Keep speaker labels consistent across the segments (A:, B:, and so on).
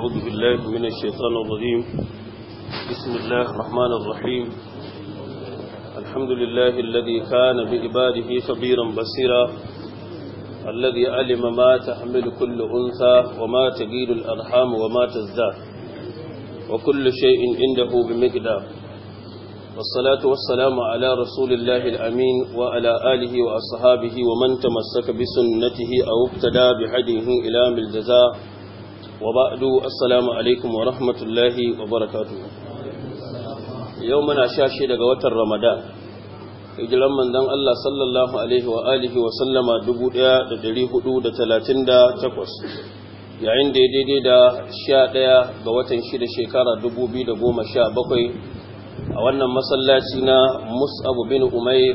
A: أعوذ بالله من الشيطان الرجيم بسم الله الرحمن الرحيم الحمد لله الذي كان بإباده خبيرا بصيرا الذي علم ما تحمل كل أنثى وما تجيل الأرحام وما تزداد وكل شيء عنده بمقدار والصلاة والسلام على رسول الله الأمين وعلى آله وأصحابه ومن تمسك بسنته أو ابتدى بحديه إلى ملجزاء وبعد السلام عليكم ورحمة الله وبركاته يومنا شاشي لغوة رمضان hijiran manzon Allah sallallahu alaihi wa alihi wa sallama 1438 yayin da ya daidai da 11 ga watan shida shekara da goma 2017 a wannan masallaci na Mus'ab bin Umair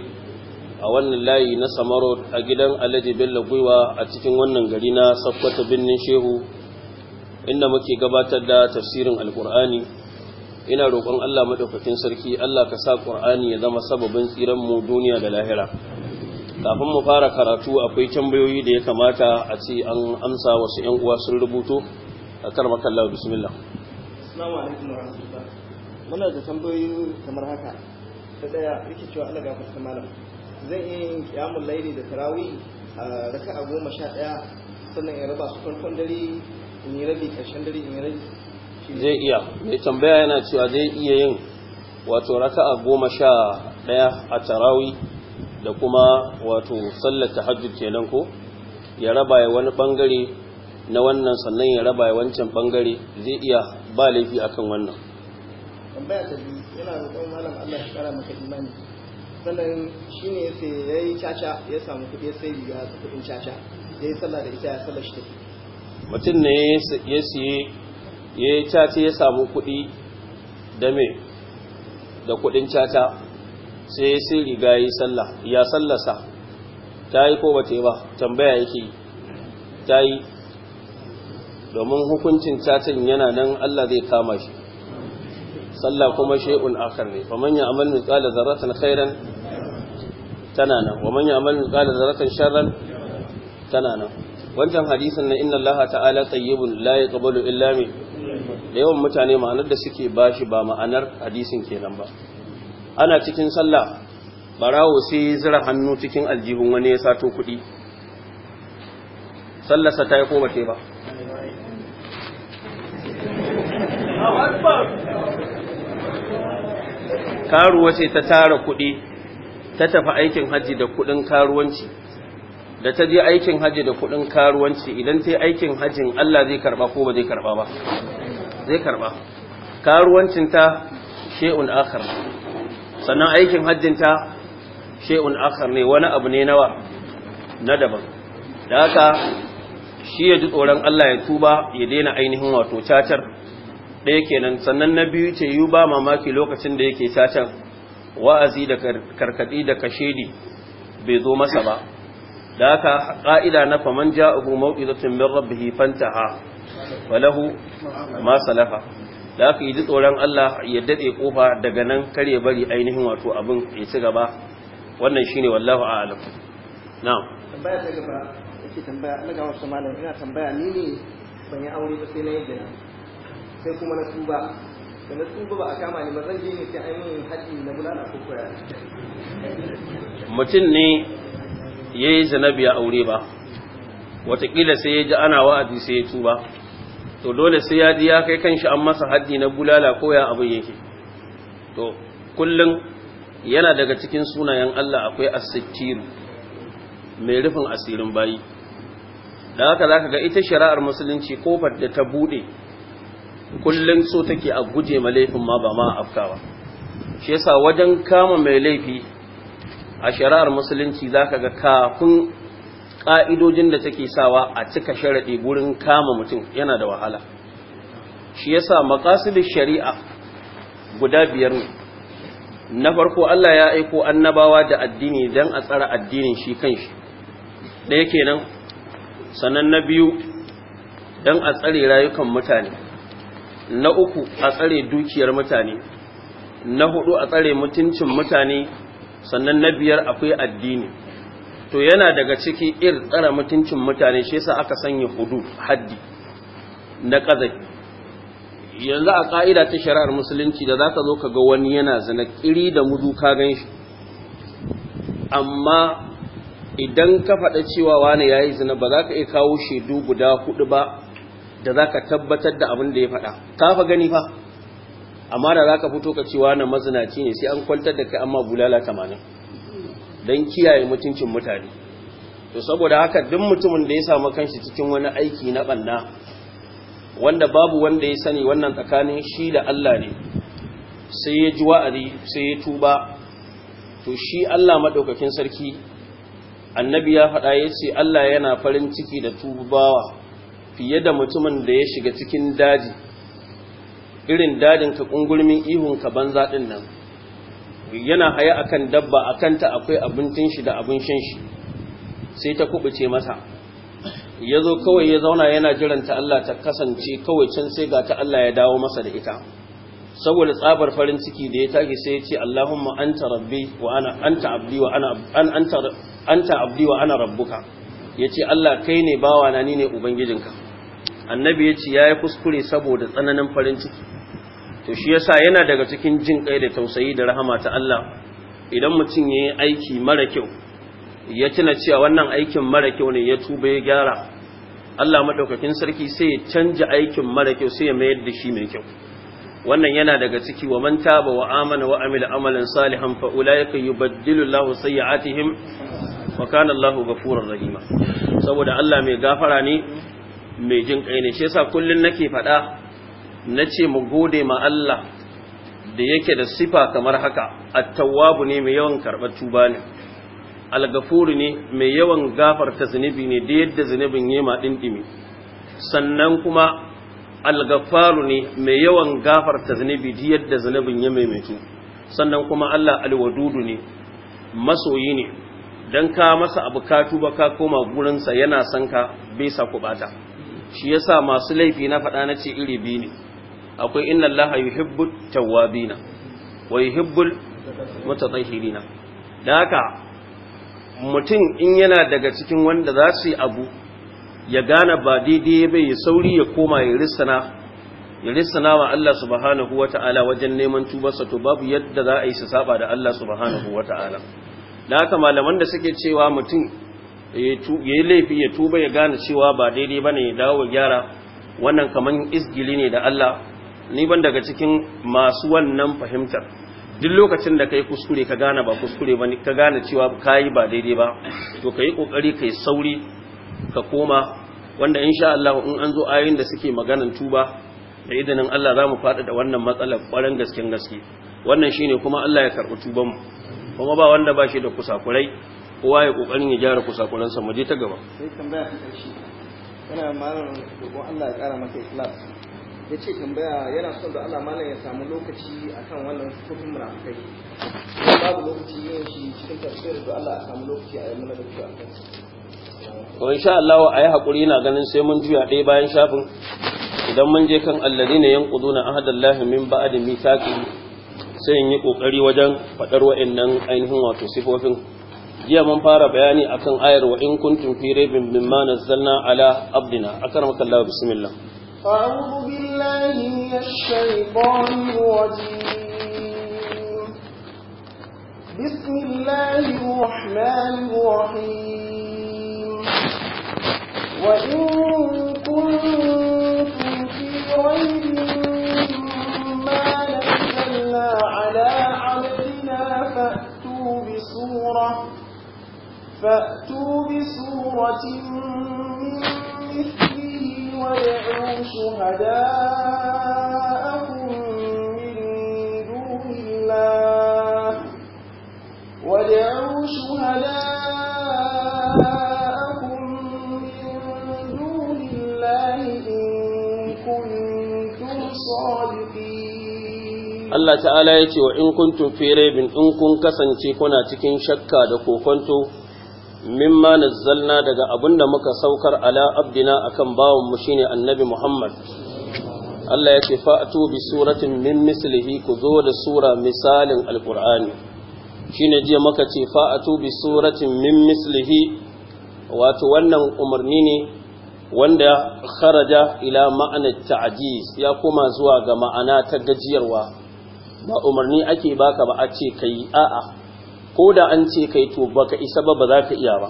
A: a wannan layi na Samarot a gidan Alhaji Bello Gwiwa a cikin wannan gari na Sokoto binnin Shehu inda muke gabatar da tafsirin alkur'ani ina roƙon Allah madaukakin sarki Allah ka sa qur'ani ya zama sababin tsiran mu duniya da lahira kafin mu fara karatu akwai tambayoyi da ya kamata a ce an amsa wasu ƴan uwa sun rubuto a karmakan Allah bismillah
B: assalamu alaikum warahmatullahi muna da tambayoyi kamar haka ta daya yake cewa Allah gafarta malam zan yi qiyamul laili da tarawih a raka'a goma sha ɗaya sannan in raba su farkon dare in yi rabi ƙarshen dare in yi rabi
A: zai iya mai tambaya yana cewa zai iya yin wato raka'a goma sha ɗaya a tarawi da kuma wato sallar tahajjud kenan ko ya raba ya wani bangare na wannan sannan ya raba ya wancan bangare zai iya ba laifi akan wannan
B: tambaya ta biyu yana da roƙon malam Allah ya kara maka imani sannan shi ne ya yayi caca ya samu kuɗi sai riga da kuɗin caca yayi sallah da ita ya sallar shi tafi
A: mutum ne ya siye ya yi caca ya samu kuɗi da me da kuɗin caca sai ya sai riga ya yi sallah ya sallasa ta yi ko ba ta yi ba tambaya yake yi ta yi domin hukuncin cacin yana nan Allah zai kama shi sallah kuma shay'un akar ne fa man ya'mal tsada zarratan khairan tana nan wa man ya'mal tsada zarratan sharran tana nan wancan hadisin na inna Allah ta'ala tayyibun la yaqbalu illa min da yawan mutane ma'anar da suke bashi ba ma'anar hadisin kenan ba ana cikin sallah barawo sai zira hannu cikin aljihun wani ya sato kuɗi sallarsa ta yi koma ba karuwa ce ta tara kuɗi ta tafi aikin hajji da kuɗin karuwanci da ta je aikin haji da kuɗin karuwanci idan ta yi aikin hajjin Allah zai karɓa ko ba zai karɓa ba zai karuwancin ta she'un akhar sannan aikin hajjinta she'un akhar ne wani abu ne nawa na daban da haka shi ya ji tsoron Allah ya tuba ya daina ainihin wato cacar ɗaya kenan sannan na biyu ce yi ba mamaki lokacin da yake cacar wa'azi da karkaɗi da kashedi bai zo masa ba da aka ƙa'ida na faman ja'ahu mau'izatun min rabbih fantaha falahu ma salafa da aka yi tsoron Allah ya dade kofa daga nan kare bari ainihin wato abin ya ci gaba wannan shine wallahu a'lam na'am
C: tambaya
B: ta gaba yake tambaya na ga wasu malam ina tambaya ni ne ban yi aure ba sai na yadda sai kuma na tuba da na tuba ba a kama ni ba zan je ne sai ainihin haji na
C: bulala ko koya
A: mutum ne ya yi zanabi ya aure ba watakila sai ya ji ana wa'azi sai ya tuba to dole sai ya ji ya kai kanshi an masa haddi na bulala ko ya abin yake to kullum yana daga cikin sunayen Allah akwai asittiru mai rufin asirin bayi da haka za ga ita shari'ar musulunci kofar da ta buɗe kullum so take a guje ma laifin ma ba ma afkawa shi yasa wajen kama mai laifi a shari'ar musulunci za ka ga kafin ƙa'idojin da take sawa a cika sharaɗi gurin kama mutum yana da wahala shi yasa maqasidin shari'a guda biyar ne na farko Allah ya aiko annabawa da addini don a tsara addinin shi kanshi ɗaya kenan sannan na biyu don a tsare rayukan mutane na uku a tsare dukiyar mutane na hudu a tsare mutuncin mutane sannan na biyar akwai addini to yana daga ciki ir tsara mutuncin mutane shi yasa aka sanya hudu haddi na kazafi yanzu a ka'ida ta shari'ar musulunci da zaka zo ka ga wani yana zina kiri da mudu ka ganshi. amma idan ka faɗa cewa wani yayi zina ba za ka iya kawo shaidu guda hudu ba da za ka tabbatar da abin da ya faɗa ka fa gani fa amma da za ka fito ka ce wani mazinaci ne sai an kwantar da kai amma bulala tamanin don kiyaye mutuncin mutane to saboda haka duk mutumin da ya samu kanshi cikin wani aiki na banna wanda babu wanda ya sani wannan tsakanin shi da Allah ne sai ya ji wa'azi sai ya tuba to shi Allah madaukakin sarki annabi ya faɗa ya ce Allah yana farin ciki da tubawa fiye da mutumin da ya shiga cikin daji irin dadin ka kungurmin ihun ka banza din nan yana haya akan dabba akan ta akwai abincin shi da abin shan shi sai ta kubuce masa yazo kawai ya zauna yana jiran ta Allah ta kasance kawai can sai ga ta Allah ya dawo masa da ita saboda tsabar farin ciki da ya tage sai ya ce Allahumma anta rabbi wa ana anta abdi wa ana an anta anta abdi wa ana rabbuka yace Allah kai ne bawana ni ne ubangijinka annabi yace yayi kuskure saboda tsananin farin ciki to shi yasa yana daga cikin jin kai da tausayi da rahama ta Allah idan mutum yayi aiki mara kyau ya tuna cewa wannan aikin mara kyau ne ya tuba ya gyara Allah madaukakin sarki sai ya canja aikin mara kyau sai ya mayar da shi mai kyau wannan yana daga ciki wa man taba wa amana wa amila amalan salihan fa ulaika yubaddilu Allahu sayiatihim wa kana Allahu ghafurur rahima saboda Allah mai gafara ne mai jin kai ne shi yasa kullun nake faɗa na ce mu gode ma Allah da yake da sifa kamar haka attawwabu ne mai yawan karɓar tuba ne algafuru ne mai yawan gafarta zunubi ne da yadda zunubin yema dindimi sannan kuma algafaru ne mai yawan gafarta zunubi da yadda zunubin ya maimaitu sannan kuma Allah alwadudu ne masoyi ne dan ka masa abu ka tuba ka koma gurinsa yana sanka ka bai sa kubata shi yasa masu laifi na faɗa na ce iri biyu ne akwai inna allaha yuhibbu tawwabina wa yuhibbu mutatahhirina dan haka mutum in yana daga cikin wanda za su abu ya gane ba daidai bai ya sauri ya koma ya risana ya risana wa Allah subhanahu wata'ala wajen neman tubarsa to babu yadda za a yi sa saba da Allah subhanahu wata'ala da haka malaman da suke cewa mutum ya yi laifi ya tuba ya gane cewa ba daidai bane ya dawo gyara wannan kaman isgili ne da Allah ni ban daga cikin masu wannan fahimtar duk lokacin da kai kuskure ka gane ba kuskure ba ka gane cewa kayi ba daidai ba to kai kokari kai sauri ka koma wanda insha Allah in an zo ayoyin da suke maganan tuba da idanin Allah za mu faɗa da wannan matsalar ƙwarin gasken gaske wannan shine kuma Allah ya karɓi tuban mu kuma ba wanda ba shi da kusakurai kowa ya kokarin ya gyara kusakuransa mu je ta gaba
B: sai tambaya ta ƙarshe kana malamin ko Allah ya ƙara maka ikhlas ya ce tambaya yana son da Allah malam ya samu lokaci akan wannan sufofin munafikai babu lokaci yin shi cikin tafsir da Allah a samu lokaci a yi mana lokaci a kan
A: to insha Allah a yi haƙuri ina ganin sai mun juya ɗaya bayan shafin idan mun je kan alladina yanquduna ahadallahi min ba'di mithaqi sai in yi kokari wajen fadar wa'annan ainihin wato sifofin jiya mun fara bayani akan ayar wa in kuntum fi raibin mimma nazzalna ala abdina akramaka Allah bismillah
C: أعوذ
B: بالله من الشيطان الرجيم بسم الله الرحمن الرحيم وإن كنتم في ريب مما نزلنا على عبدنا فأتوا بسورة فأتوا بسورة من مثل ودعوا شهداءكم من دون الله ودعوا شهداء
A: Allah ta'ala ya ce wa in kuntum fi raibin in kun kasance kuna cikin shakka da kokonto mimma nazzalna daga abinda muka saukar ala abdina akan bawon mu shine annabi Muhammad Allah ya ce fa'atu bi suratin min mislihi ku zo da sura misalin alqur'ani shine jiya muka ce fa'atu bi suratin min mislihi wato wannan umarni ne wanda kharaja ila ma'ana ta'jiz ya koma zuwa ga ma'ana ta gajiyarwa ba umarni ake baka ba a ce kai a'a ko da an ce kai to baka isa ba ba za ka iya ba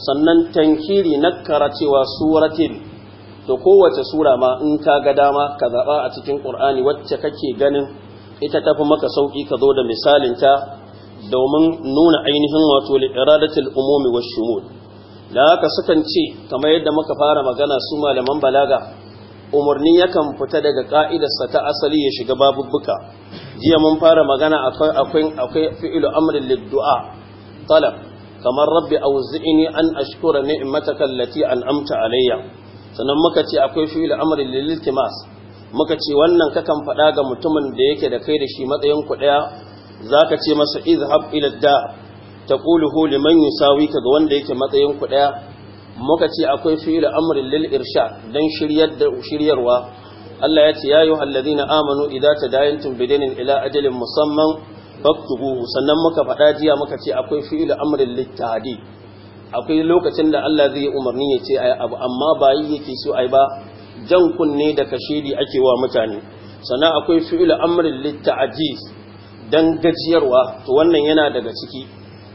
A: sannan tankiri nakara cewa suratin to kowace sura ma in ka ga dama ka zaba a cikin qur'ani wacce kake ganin ita tafi maka sauki ka zo da misalin ta domin nuna ainihin wato liradatul umumi wash shumul da haka sukan ce kamar yadda muka fara magana su malaman balaga umarni yakan fita daga ka'idarsa ta asali ya shiga babubbuka jiya mun fara magana akwai akwai akwai fi'lu amrin lid-du'a talab kamar rabbi in an ashkura ni'mataka allati an'amta alayya sannan muka ce akwai fi'lu amrin lil muka ce wannan kakan faɗa ga mutumin da yake da kai da shi matsayin ku Za zaka ce masa izhab ila da taquluhu liman yusawika ga wanda yake matsayin ku muka ce akwai fi'il amrin lil irsha dan shiryar da shiryarwa Allah ya ce ya ayyuhal na amanu idza tadayantum bidinin ila ajalin musamman faktubuhu sannan muka faɗa jiya muka ce akwai fi'il amrin littahadi akwai lokacin da Allah zai umarni ya ce ayi abu amma ba yi yake so ayi ba jan kunne da kashidi ake wa mutane sannan akwai fi'il amrin lit ta'jiz dan gajiyarwa to wannan yana daga ciki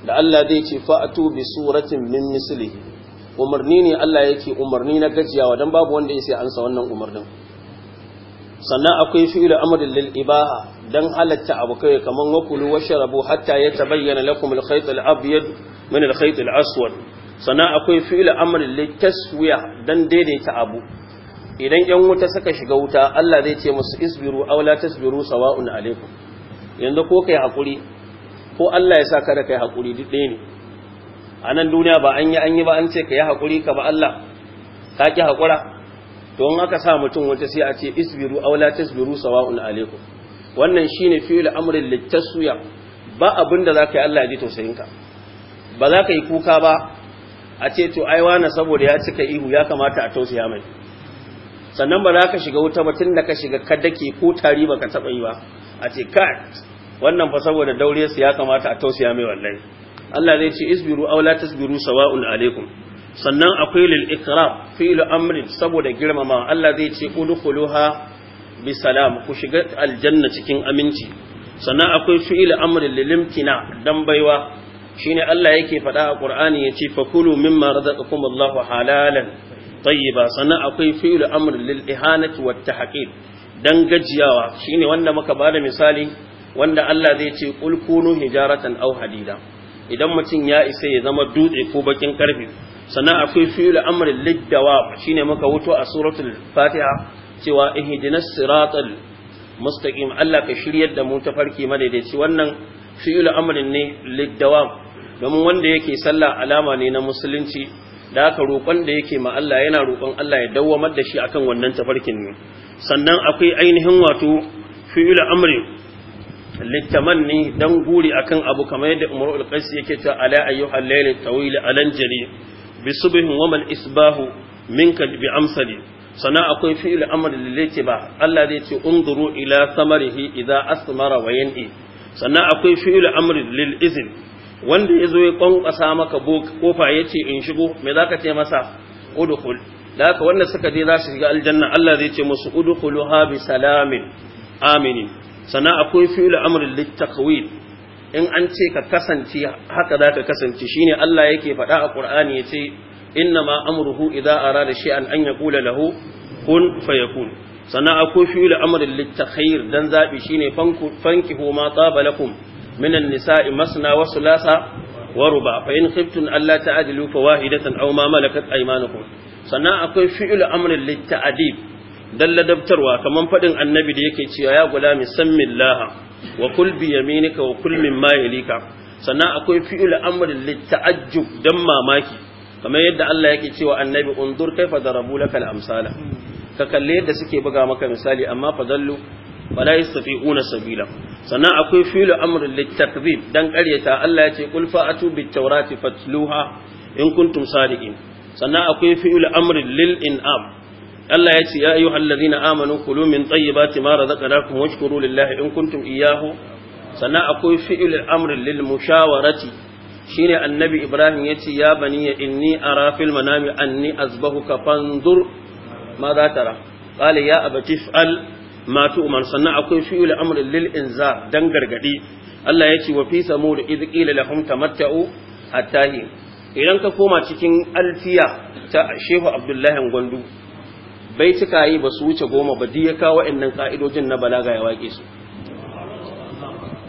A: da Allah zai ce fa'atu bi suratin min mislihi umarni ne Allah yake umarni na gajiyawa dan babu wanda ya yake ansa wannan umarnin sannan akwai fi'lu amrin lil ibaha dan halatta abu kai kaman wakulu washrabu hatta yatabayyana lakum al khayt al abyad min al khayt al aswad sannan akwai fi'il amrin lil taswiya dan daidaita abu idan yan wuta suka shiga wuta Allah zai ce musu isbiru aw la tasbiru sawa'un alaikum yanzu ko kai hakuri ko Allah ya saka da kai hakuri duk ɗaya ne a nan duniya ba an yi an yi ba an ce ka yi haƙuri ka ba Allah ka ki haƙura to in aka sa mutum wata sai a ce isbiru aw la tasbiru sawa'un alaikum wannan shine fi'il amri littasuya ba abinda zaka yi Allah ya ji tausayin ka ba za ka yi kuka ba a ce to ai wani saboda ya cika ihu ya kamata a tausaya mai sannan ba za ka shiga wuta ba tun da ka shiga ka dake ko tari ba ka taɓa yi ba a ce ka wannan fa saboda daure su ya kamata a tausaya mai wallahi Allah zai ce isbiru aw la tasbiru sawa'un alaikum sannan akwai lil ikram fi'lu amrin saboda girmama Allah zai ce udkhuluha bi salam ku shiga aljanna cikin aminci sannan akwai fi'lu amrin lil imtina dan baiwa shine Allah yake faɗa a Qur'ani yace fakulu mimma razaqakumullahu halalan tayyiba sannan akwai fi'lu amrin lil ihanati wat tahqir dan gajiyawa shine wanda muka bada misali wanda Allah zai ce qul kunu hijaratan aw hadida idan mutum ya isa ya zama dutse ko bakin karfe sannan akwai fi'il amr liddawa shine muka wuto a suratul fatiha cewa ihdinas siratal mustaqim Allah ka shiryar da mu tafarki madaidaici wannan fi'il amrin ne liddawa domin wanda yake sallah alama ne na musulunci da aka roƙon da yake ma Allah yana roƙon Allah ya dawwamar da shi akan wannan tafarkin ne sannan akwai ainihin wato fi'il amri littamanni dan guri akan abu kamar yadda Umar al-Qais yake ta ala ayyuhal layl tawil alan jari bi subhin wa mal isbahu minka bi amsali sana akwai fi'il amr lillati ba Allah zai ce unduru ila samarihi idza asmara wa yan'i sana akwai fi'il amr lil izn wanda yazo ya kwankwasa maka kofa yace in shigo me zaka ce masa udkhul da haka wanda suka je za su shiga aljanna Allah zai ce musu udkhuluha bi salamin aminin sannan akwai fi'il amrin littakwil in an ce ka kasance haka za ka kasance shine Allah yake faɗa a Qur'ani ya ce inna ma amruhu idza arada shay'an an yaqula lahu kun fayakun sannan akwai fi'il amrin littakhir dan zabi shine fanki ma taba lakum minan nisa'i masna wa sulasa wa ruba fa in khiftum alla ta'dilu fawahidatan aw ma malakat aymanukum sannan akwai fi'il amrin litta'dib dan ladabtarwa kaman fadin annabi da yake cewa ya gulami sammillaha wa kul bi yaminika wa kul mimma yalika sannan akwai fi'il amrin litta'ajjub dan mamaki kamar yadda Allah yake cewa annabi undur kaifa darabu lakal amsala ka kalle yadda suke buga maka misali amma fadallu wala yastafi'una sabila sannan akwai fi'il amrin littakzib dan karyata, Allah ya ce qul fa'atu bit-taurati fatluha in kuntum sadiqin sannan akwai fi'il amrin lil in'am Allah ya ce ya ayyuhal ladina amanu kulu min tayyibati ma razaqnakum washkuru lillahi in kuntum iyahu. sannan akwai fi'il al lil mushawarati ne annabi Ibrahim yace ya bani inni ara fil manami anni azbahuka fanzur ma za tara qala ya abati fa'al matu umar. sannan akwai fi'il al lil inza dan gargadi Allah yace wa fi samud id qila lahum tamatta'u tahi. idan ka koma cikin alfiya ta Shehu Abdullahi Gwandu baituka yi ba su wuce goma ba duk ya kawo wa'annan ka'idojin na balaga ya wake su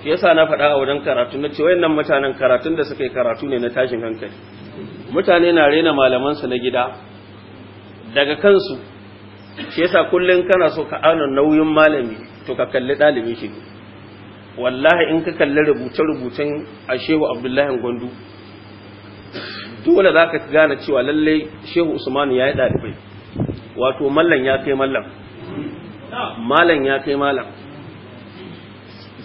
A: shi yasa na faɗa a wajen karatu na ce wayannan mutanen karatun da suka yi karatu ne na tashin hankali mutane na rena malamansu na gida daga kansu shi yasa kullum kana so ka auna nauyin malami to ka kalli ɗalibin shi wallahi in ka kalli rubuce-rubucen a shehu abdullahi gwandu dole za ka gane cewa lallai shehu usman ya yi ɗalibai wato mallan ya kai mallan malan ya kai malan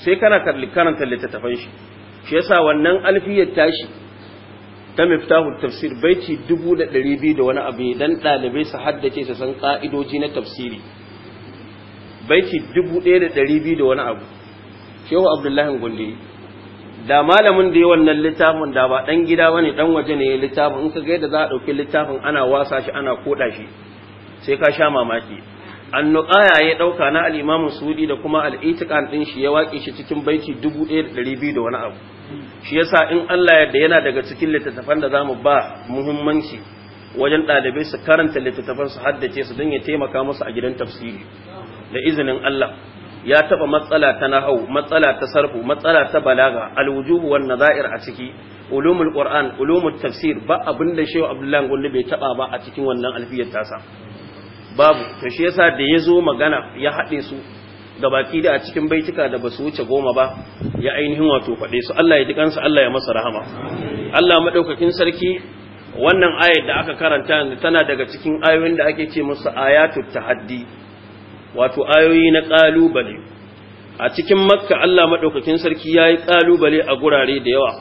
A: sai kana karanta littattafan shi shi yasa wannan alfiyar tashi ta miftahu tafsir baiti 1200 da wani abu dan dalibai su haddace su san ka'idoji na tafsiri baiti 1200 da wani abu shehu abdullahi gundi da malamin da ya wannan littafin da ba dan gida bane dan waje ne littafin in ka ga yadda za a dauki littafin ana wasa shi ana koda shi sai ka sha mamaki annuqaya ya dauka na al-imamu sudi da kuma al-itiqan din shi ya waki shi cikin baiti 1200 da wani abu shi yasa in Allah yarda yana daga cikin littattafan da zamu ba muhimmanci wajen dalibai su karanta littattafan su haddace su don ya taimaka musu a gidan tafsiri da izinin Allah ya taba matsala ta nahau matsala ta sarfu matsala ta balaga al wujubu wan nazair a ciki ulumul qur'an ulumut tafsir ba abinda shehu abdullahi gondi bai taba ba a cikin wannan alfiyar tasa babu to shi yasa da ya zo magana ya haɗe su da baki da a cikin baitika da basu wuce goma ba ya ainihin wato faɗe su Allah ya ji kansa Allah ya masa rahama Allah madaukakin sarki wannan ayar da aka karanta yanzu tana daga cikin ayoyin da ake ce musu ayatul tahaddi wato ayoyi na kalubale a cikin makka Allah madaukakin sarki yayi kalubale a gurare da yawa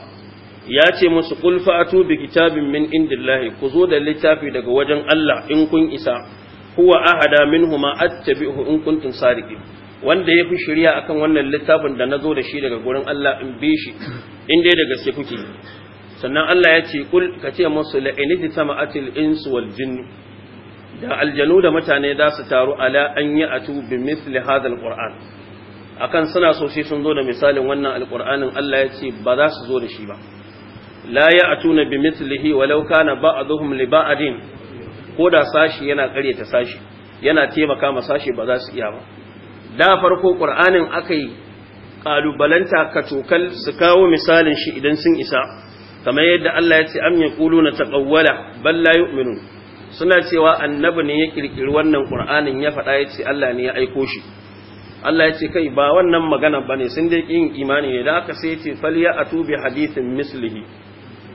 A: ya ce musu qul fa'atu bi kitabin min indillahi ku zo da littafi daga wajen Allah in kun isa huwa ahada minhuma attabi'uhu in kuntum sadiqin wanda yafi shirya akan wannan littafin da nazo da shi daga gurin Allah in bi shi in dai da gaske kuke sannan Allah ya ce kul ka ce musu la in sama'atil insu wal jinn da aljanu da mutane da su taru ala an yi atu bi mithli hadha qur'an akan suna so shi sun zo da misalin wannan alqur'anin Allah ya ce ba za su zo da shi ba la atuna bi mithlihi walau kana ba'dhum li ba'din ko da sashi yana kare ta sashi yana taimaka ma sashi ba za su iya ba da farko qur'anin akai kalubalanta tokal su kawo misalin shi idan sun isa kamar yadda Allah ya ce am yaquluna taqawwala bal la yu'minun suna cewa annabi ne ya kirkiri wannan qur'anin ya faɗa ya ce Allah ne ya aiko shi Allah ya ce kai ba wannan magana bane sun dai yin imani ne da aka sai ya ce falya atubi hadithin mislihi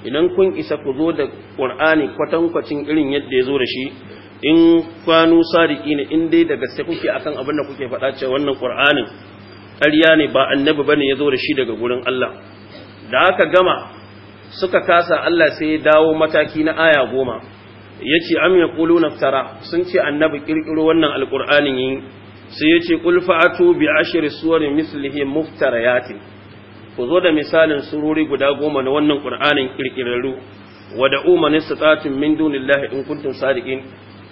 A: idan kun isa ku zo da ƙur'ani kwatankwacin irin yadda ya zo da shi in kwanu sadiki ne in dai da gaske kuke akan abin da kuke faɗa cewa wannan ƙur'anin ƙarya ne ba annabi bane ya zo da shi daga gurin Allah da aka gama suka kasa Allah sai ya dawo mataki na aya goma ya ce am ya ƙulu naftara sun ce annabi ƙirƙiro wannan alƙur'anin yin sai ya ce ƙulfa bi ashir suwarin mislihi muftarayatin ku zo da misalin sururi guda goma na wannan ƙur'anin ƙirƙirarru, wa da su satatun min dunillahi in kuntun sadiqin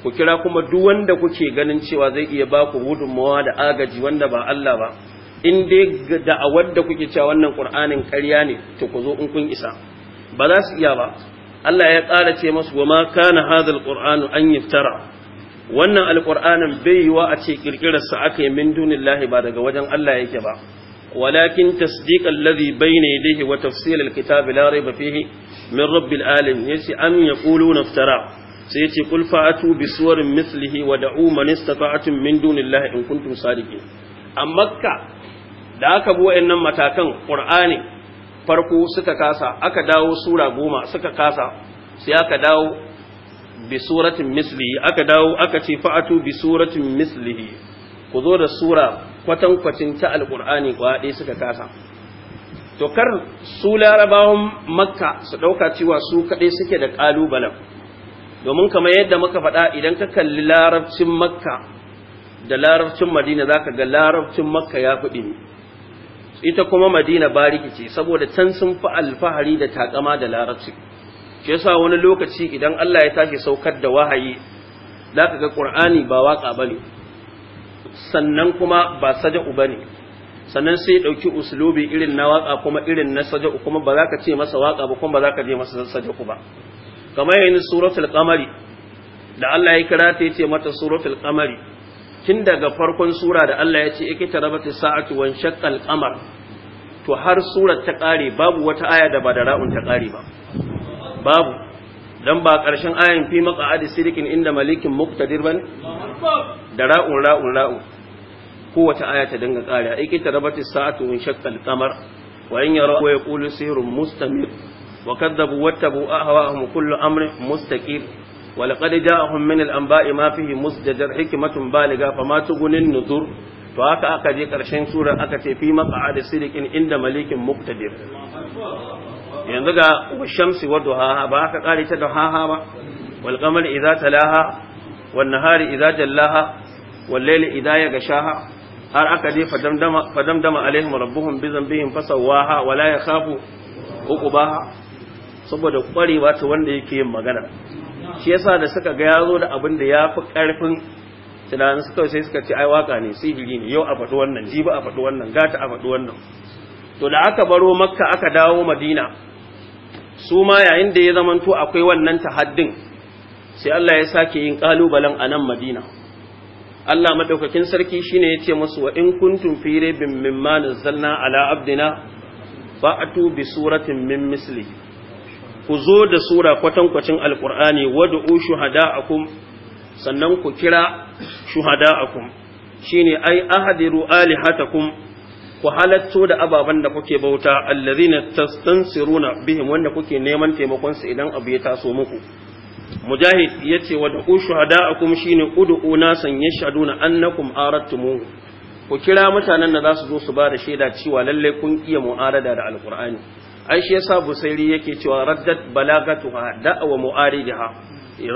A: ku kira kuma duk wanda kuke ganin cewa zai iya ba ku gudunmawa da agaji wanda ba Allah ba in dai a wadda kuke cewa wannan ƙur'anin ƙarya ne to ku zo in kun isa ba za su iya ba Allah ya ƙara ce masu wa ma kana hadhal ƙuranu an tara, wannan alƙur'anin bai yiwa a ce ƙirƙirarsa aka yi min dunillahi ba daga wajen Allah yake ba ولكن تصديق الذي بين يديه وتفصيل الكتاب لا ريب فيه من رب العالمين يسي أم يقولون افترى سيتي قل فأتوا بصور مثله ودعوا من استطعتم من دون الله إن كنتم صادقين أم مكة da aka buwa innan matakan ƙur'ani farko suka kasa aka dawo sura goma suka kasa sai aka dawo bi suratin mislihi aka dawo aka ce fa'atu bi mislihi ku zo da sura kwatankwacin ta alƙur'ani kwaɗe suka kasa to kar su larabawan makka su ɗauka cewa su kaɗai suke da ƙalubalen domin kamar yadda muka faɗa idan ka kalli larabcin makka da larabcin madina za ka ga larabcin makka ya fi ɗini ita kuma madina bariki ce saboda can sun fi alfahari da takama da larabci shi yasa wani lokaci idan allah ya tashi saukar da wahayi za ka ga ƙur'ani ba waƙa ba ne sannan kuma ba saja'u ne sannan sai ɗauki usulobi irin na waka kuma irin na saja'u kuma ba za ka ce masa waka ba kuma ba za ka je masa saja'u ba kamar yayin suratul qamari da Allah ya kira ta yace mata suratul qamari tun daga farkon sura da Allah ya ce ikitarabati sa'atu wan shaqqal qamar to har surar ta ƙare babu wata aya da ba da ra'un ta kare ba babu dan ba ƙarshen ayan fi maqa'adi sirikin inda malikin muqtadir bane da ra'un ra'un ra'un kowace aya ta dinga ƙara aiki ta rabata sa'atu min shaqqal qamar wa in yara wa yaqulu sihrun mustamir wa kadzabu wattabu ahwa'ahum kullu amrin mustaqim wa laqad ja'ahum min al-anba'i ma fihi musjajar hikmatun baligha fama tugunin nuzur to haka aka je ƙarshen sura aka ce fi maqa'adi sirikin inda malikin muqtadir yanzu ga shamsi wa duhaha ba aka kare ta duhaha ba wal qamari idza talaha wan nahari idza jallaha wal layli idza yaghshaha har aka je fadamdama fadamdama alaihim rabbuhum bi dhanbihim fasawaha wa la yakhafu uqbaha saboda kwarewa ta wanda yake yin magana shi yasa da suka ga yazo da abin da yafi karfin tunanin suka sai suka ce ai waka ne sihiri ne yau a faɗi wannan jibi a faɗi wannan gata a faɗi wannan to da aka baro makka aka dawo madina su ma yayin da ya zamanto akwai wannan tahaddin sai Allah ya sake yin kalubalen a nan Madina Allah madaukakin sarki shine yace musu wa in kuntum fi raibin mimma nazzalna ala abdina fa'atu bi suratin min misli ku zo da sura kwatankwacin alqur'ani wad'u shuhada'akum sannan ku kira shuhada'akum shine ai ahadiru alihatakum ku halatto da ababen da kuke bauta allazina tastansiruna bihim wanda kuke neman taimakon su idan abu ya taso muku mujahid yace wa da'u shuhada'akum shine ud'u nasan yashhaduna annakum aradtum ku kira mutanen da za su zo su ba da shaida cewa lalle kun iya mu'arada da alqur'ani ai shi yasa busairi yake cewa raddat balagatuha da'wa mu'aridaha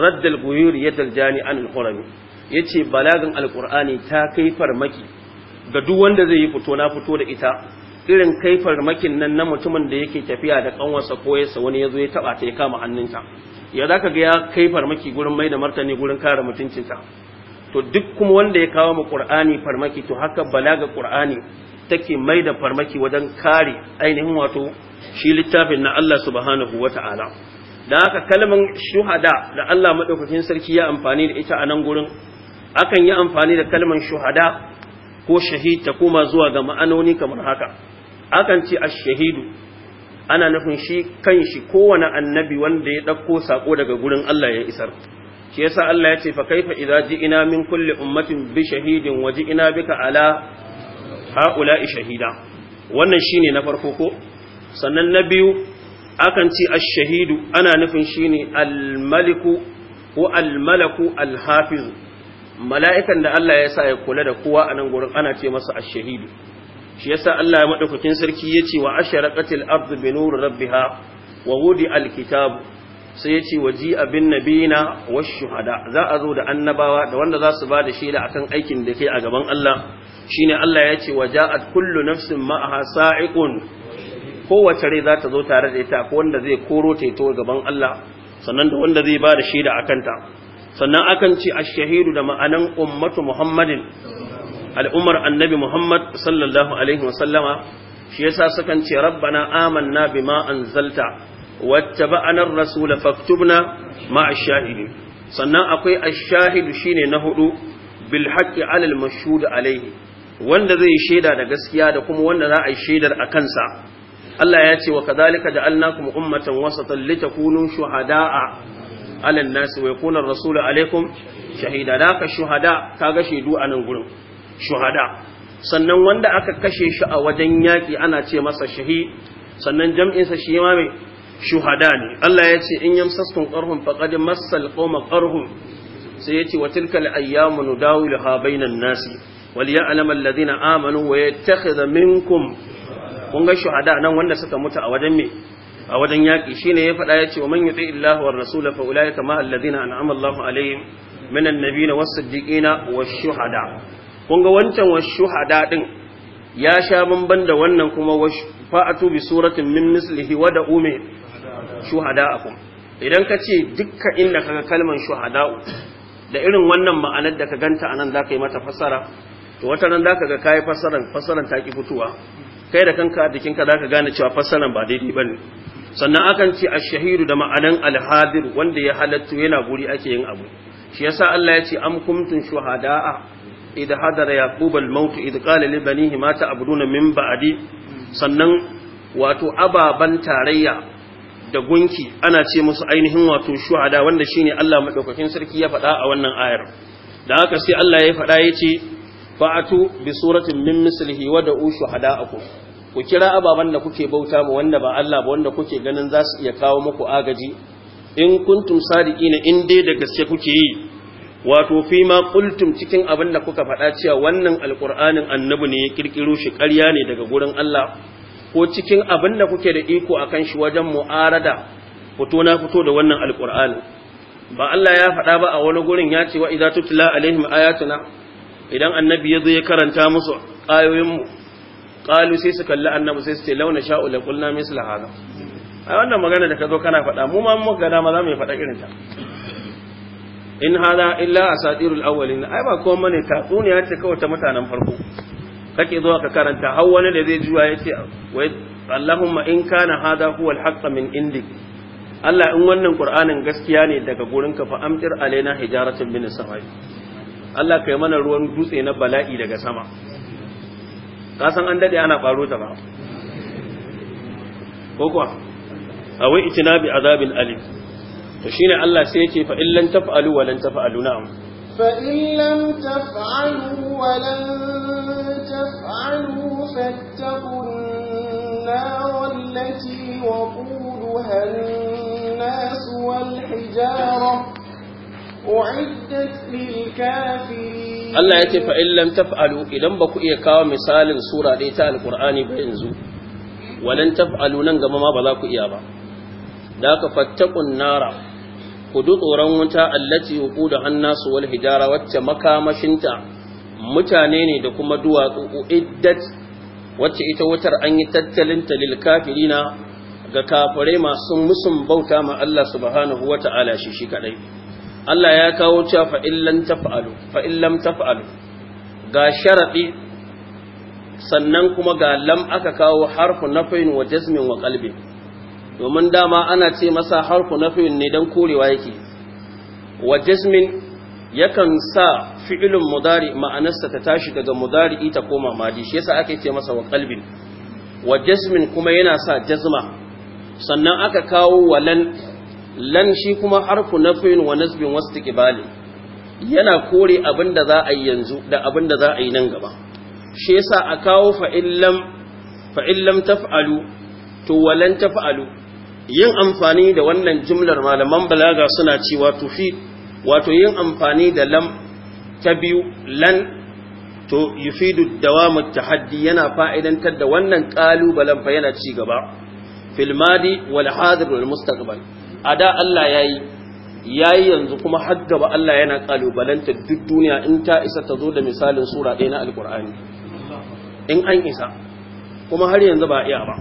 A: raddal guyur yadal jani an al yace balagan alqur'ani ta kai farmaki ga duk wanda zai yi fito na fito da ita irin kai farmakin nan na mutumin da yake tafiya da kanwarsa ko yasa wani yazo ya taba ta ya kama hannunta ya zaka ga ya kai farmaki gurin mai da martani gurin kare mutuncinta to duk kuma wanda ya kawo mu qur'ani farmaki to haka balaga qur'ani take mai da farmaki wajen kare ainihin wato shi littafin na Allah subhanahu wata'ala dan haka kalman shuhada da Allah madaukakin sarki ya amfani da ita a nan gurin akan yi amfani da kalmar shuhada ko shahid ta koma zuwa ga ma'anoni kamar haka akan ce ash-shahidu ana nufin shi kanshi kowane annabi wanda ya dauko sako daga gurin Allah ya isar shi yasa Allah ya ce fa kaifa idza ji'ina min kulli ummatin bi shahidin wa ji'ina bika ala haula'i shahida wannan shine na farko ko sannan na biyu akan ce ash-shahidu ana nufin shine al-maliku wa al-malaku al-hafizu mala'ikan da Allah ya sa ya kula da kowa a nan gurin ana ce masa a shahidu shi ya sa Allah ya maɗaukakin sarki ya ce wa abu bin nuru Rabiha ha wa wudi sai ya ce wa ji abin nabina wash shuhada za a zo da annabawa da wanda za su ba da shaida akan aikin da ke a gaban Allah shine Allah yace a kullu nafsin ma'aha kowace rai za ta zo tare da ita ko wanda zai koro gaban Allah sannan da wanda zai ba da shaida akanta sannan akan ce a shahidu da ma'anan ummatu muhammadin al'ummar annabi muhammad sallallahu alaihi wa sallama shi yasa sukan ce rabbana amanna bima anzalta wattaba'ana ar-rasula faktubna ma a shahidu. sannan akwai a shahidu shine na hudu bil haƙƙi, alal, al-mashhud wanda zai shaida da gaskiya da kuma wanda za a yi shaidar a kansa Allah ya ce wa kadhalika ja'alnakum ummatan wasatan litakunu shuhada'a ala nas wa yakuna rasulu rasul alaikum shahida da ka shuhada kaga shaidu a nan gurin shuhada sannan wanda aka kashe shi a wajen yaki ana ce masa shahid sannan jam'in sa shi ma mai shuhada ne Allah ya ce in yamsaskum qarhum faqad massal qawma qarhum sai ya ce wa tilkal ayyamu nudawiluha bainan nasi wal ya'lamu alladhina amanu wa yattakhidha minkum kun ga shuhada nan wanda suka mutu a wajen me a wajen yaƙi ne ya faɗa ya ce wa man yuti illahu wa rasula fa ulaika kama alladhina an'ama Allahu alaihi min na wasu siddiqina wa shuhada kun ga wancan wa shuhada din ya sha bamban da wannan kuma wash fa'atu bi suratin min mislihi wa da ume shuhada'akum idan ka ce dukkan inda kaga kalman shuhada'u da irin wannan ma'anar da ka ganta anan ka yi mata fassara to wata nan ka ga kai fassaran fassaran ta ki fituwa kai da kanka a jikinka za ka gane cewa fassaran ba daidai ba ne sannan akan ce ashahidu shahidu da ma'anan alhadir wanda ya halattu yana guri ake yin abu shi yasa Allah ya ce am kuntum shuhada'a idh hadara yaqub al-maut idh qala li banihi ma ta'buduna min ba'di sannan wato ababan tarayya da gunki ana ce musu ainihin wato shuhada wanda shine Allah madaukakin sarki ya faɗa a wannan ayar da haka sai Allah ya faɗa yace fa'atu bi suratin min mislihi wa da'u shuhada'akum ku kira ababan da kuke bauta mu wanda ba Allah ba wanda kuke ganin za su iya kawo muku agaji in kuntum sadiqina in dai da gaske kuke yi wato fi ma qultum cikin abin da kuka faɗa cewa wannan alqur'anin annabi ne ya kirkiro shi ƙarya ne daga gurin Allah ko cikin abin da kuke da iko a kan shi wajen mu'arada fito na fito da wannan alqur'ani ba Allah ya faɗa ba a wani gurin ya ce wa idza tutla alaihim ayatuna idan annabi ya ya karanta musu ayoyin mu qalu sai su kalli annabi sai su ce launa sha'u la qulna misla hada ai wannan magana da ka zo kana faɗa mu ma mun ga ma za mu faɗa irin ta in hada illa asatirul awwalin ai ba kuma ne tatsuniya ce kawai ta mutanen farko kake zuwa ka karanta har wani da zai juwa yace wai Allahumma in kana hada huwa alhaq min indik Allah in wannan Qur'anin gaskiya ne daga gurinka fa amtir alaina hijaratan min samai Allah kai mana ruwan dutse na bala'i daga sama ka san an dade ana baro ta ba ko kuwa awai itinabi azabil alim to shine Allah sai yace fa illan taf'alu wa lan taf'alu na'am
B: fa illam taf'alu wa lan taf'alu fattaqun nar allati waquduha an-nas wal hijara Allah
A: ya ce fa'in lam taf'alu idan ba ku iya kawo misalin Sura ɗaya ta Alƙur'ani ba yanzu, walan taf'alu nan gama ma ba za ku iya ba, da ka fattakun nara, ku du tsoron wuta allaci huku da hannasu wal hijara wacce makamashinta mutane ne da kuma duwatsu iddat wacce ita wutar an yi tattalin talil kafirina ga kafare masu musun bauta ma Allah subhanahu wa shi shi kaɗai. Allah ya kawo cewa fa illan taf'alu fa illam taf'alu ga sharadi sannan kuma ga lam aka kawo harfu nafain wa jazmin wa qalbi domin dama ana ce masa harfu nafain ne dan korewa yake wa jazmin yakan sa fi'ilun mudari ma'anarsa ta tashi daga mudari ita koma madi shi yasa ake ce masa wa ƙalbin? wa jazmin kuma yana sa jazma sannan aka kawo walan lan shi kuma harfu nafin wa nasbin wasu yana kore abin da za a yi yanzu da abin da za a yi nan gaba shi yasa a kawo fa'illam taf'alu to walan taf'alu yin amfani da wannan jimlar malaman balaga suna cewa wato yin amfani da lam ta biyu lan to yufidu dawamu tahaddi yana fa'idantar da wannan ƙalubalen fa yana ci gaba fil madi wal hadir wal mustaqbal a da Allah ya yi ya yi yanzu kuma har gaba Allah yana ƙalubalanta duk duniya in ta isa ta zo da misalin sura ɗaya na alƙur'ani in an isa kuma har yanzu ba iya ba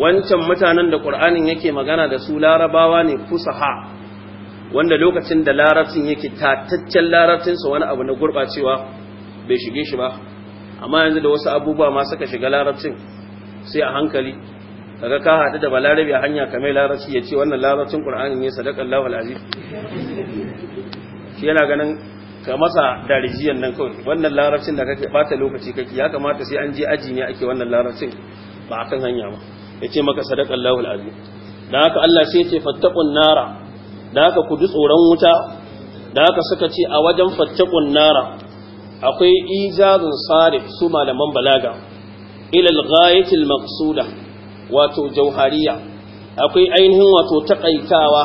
A: wancan mutanen da ƙur'anin yake magana da su larabawa ne fusaha wanda lokacin da larabcin yake tataccen larabcinsa wani abu na gurɓacewa bai shige shi ba amma yanzu da wasu abubuwa ma suka shiga larabcin sai a hankali kaga ka haɗu da balarabe a hanya kame larabci ya ce wannan larabcin ƙur'ani ne sadakan lawal aziz shi yana ganin ka masa da nan kawai wannan larabcin da kake bata lokaci kake ya kamata sai an je aji ne ake wannan larabcin ba a kan hanya ba ya ce maka sadakan lawal aziz da haka Allah sai ya ce fattakun nara da haka ku ji tsoron wuta da haka suka ce a wajen fattakun nara akwai ijazin sarif su malaman balaga ilal ghayatil maqsuda wato jauhariya akwai ainihin wato takaitawa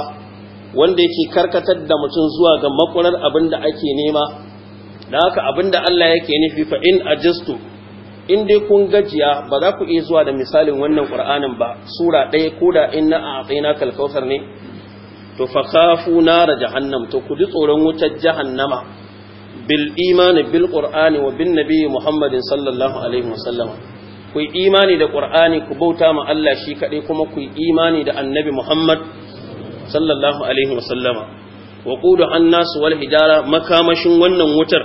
A: wanda yake karkatar da mutum zuwa ga makurar abin da ake nema da haka abin da Allah yake nufi fa in ajistu in dai kun gajiya ba za ku iya zuwa da misalin wannan qur'anin ba sura ɗaya ko da in na a'tina kalkausar ne to fa khafu nar jahannam to ku ji tsoron wutar jahannama bil imani bil qur'ani wa bin nabi muhammadin sallallahu alaihi wasallam ku yi imani da ƙur'ani ku bauta ma Allah shi kaɗai kuma ku yi imani da annabi Muhammad sallallahu alaihi wasallama wa an nasu wal hijara makamashin wannan wutar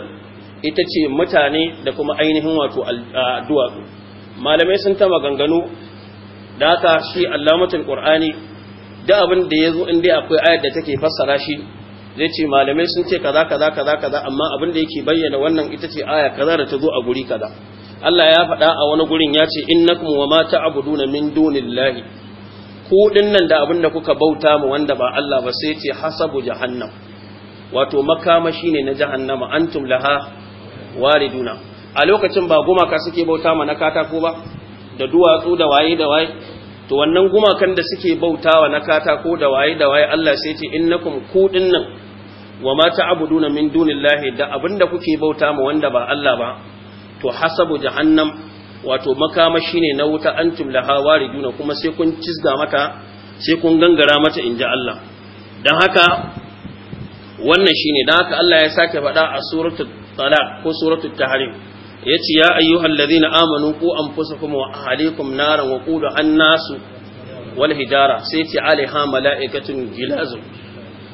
A: ita ce mutane da kuma ainihin wato addu'a malamai sun ta maganganu da haka shi allamatin ƙwar'ani da abin da ya in dai akwai ayar da take fassara shi zai ce malamai sun ce kaza kaza kaza kaza amma abin da yake bayyana wannan ita ce aya kaza da ta zo a guri kaza Allah ya faɗa a wani gurin ya ce innakum wa ma ta'buduna min dunillahi ku dinnan da abinda kuka bauta mu wanda ba Allah ba sai ce hasabu jahannam wato makamashi ne na jahannama antum laha wariduna a lokacin ba gumaka suke bauta ma na katako ba da duwatsu da waye da waye to wannan gumakan da suke bauta wa na katako da waye da waye Allah sai ce innakum ku dinnan wa ma ta'buduna min dunillahi da abinda kuke bauta mu wanda ba Allah ba to hasabu jahannam wato makamashi ne na wuta antum laha wariduna kuma sai kun cizga mata sai kun gangara mata inji Allah dan haka wannan shine dan haka Allah ya sake faɗa a suratul talaq ko suratul tahrim yace ya ayyuhal na amanu qu anfusakum wa ahlikum naran wa qulu annasu wal hijara sai ce alaiha mala'ikatun gilazun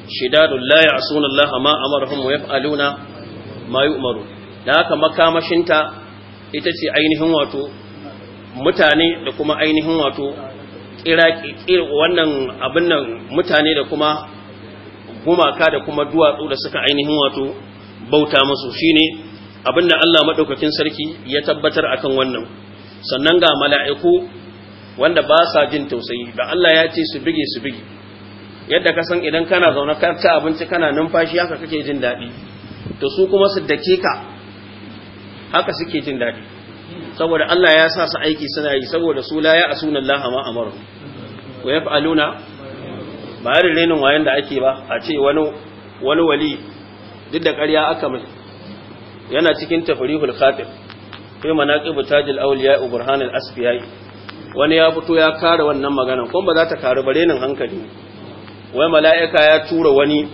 A: shidadun la ya'suna ma amarahum wa yaf'aluna ma da haka makamashinta ita ce ainihin wato mutane da kuma ainihin wato wannan abin nan mutane da kuma gumaka da kuma duwatsu da suka ainihin wato bauta musu shine abin da Allah maɗaukakin sarki ya tabbatar akan wannan sannan ga mala'iku wanda ba sa jin tausayi da Allah ya ce su bige su bige yadda ka san idan kana zaune ka abinci kana numfashi haka kake jin daɗi to su kuma su dake ka haka suke jin daɗi saboda Allah ya sa su aiki suna yi saboda su la ya asuna Allah ma amaru wa yaf'aluna ba yarin renin wayan da ake ba a ce wani wani wali duk da ƙarya aka mai yana cikin tafrihul khatib fi manaqib tajil awliya burhan al asfiyai wani ya fito ya kare wannan magana kuma ba za ta kare ba renin hankali wai mala'ika ya tura wani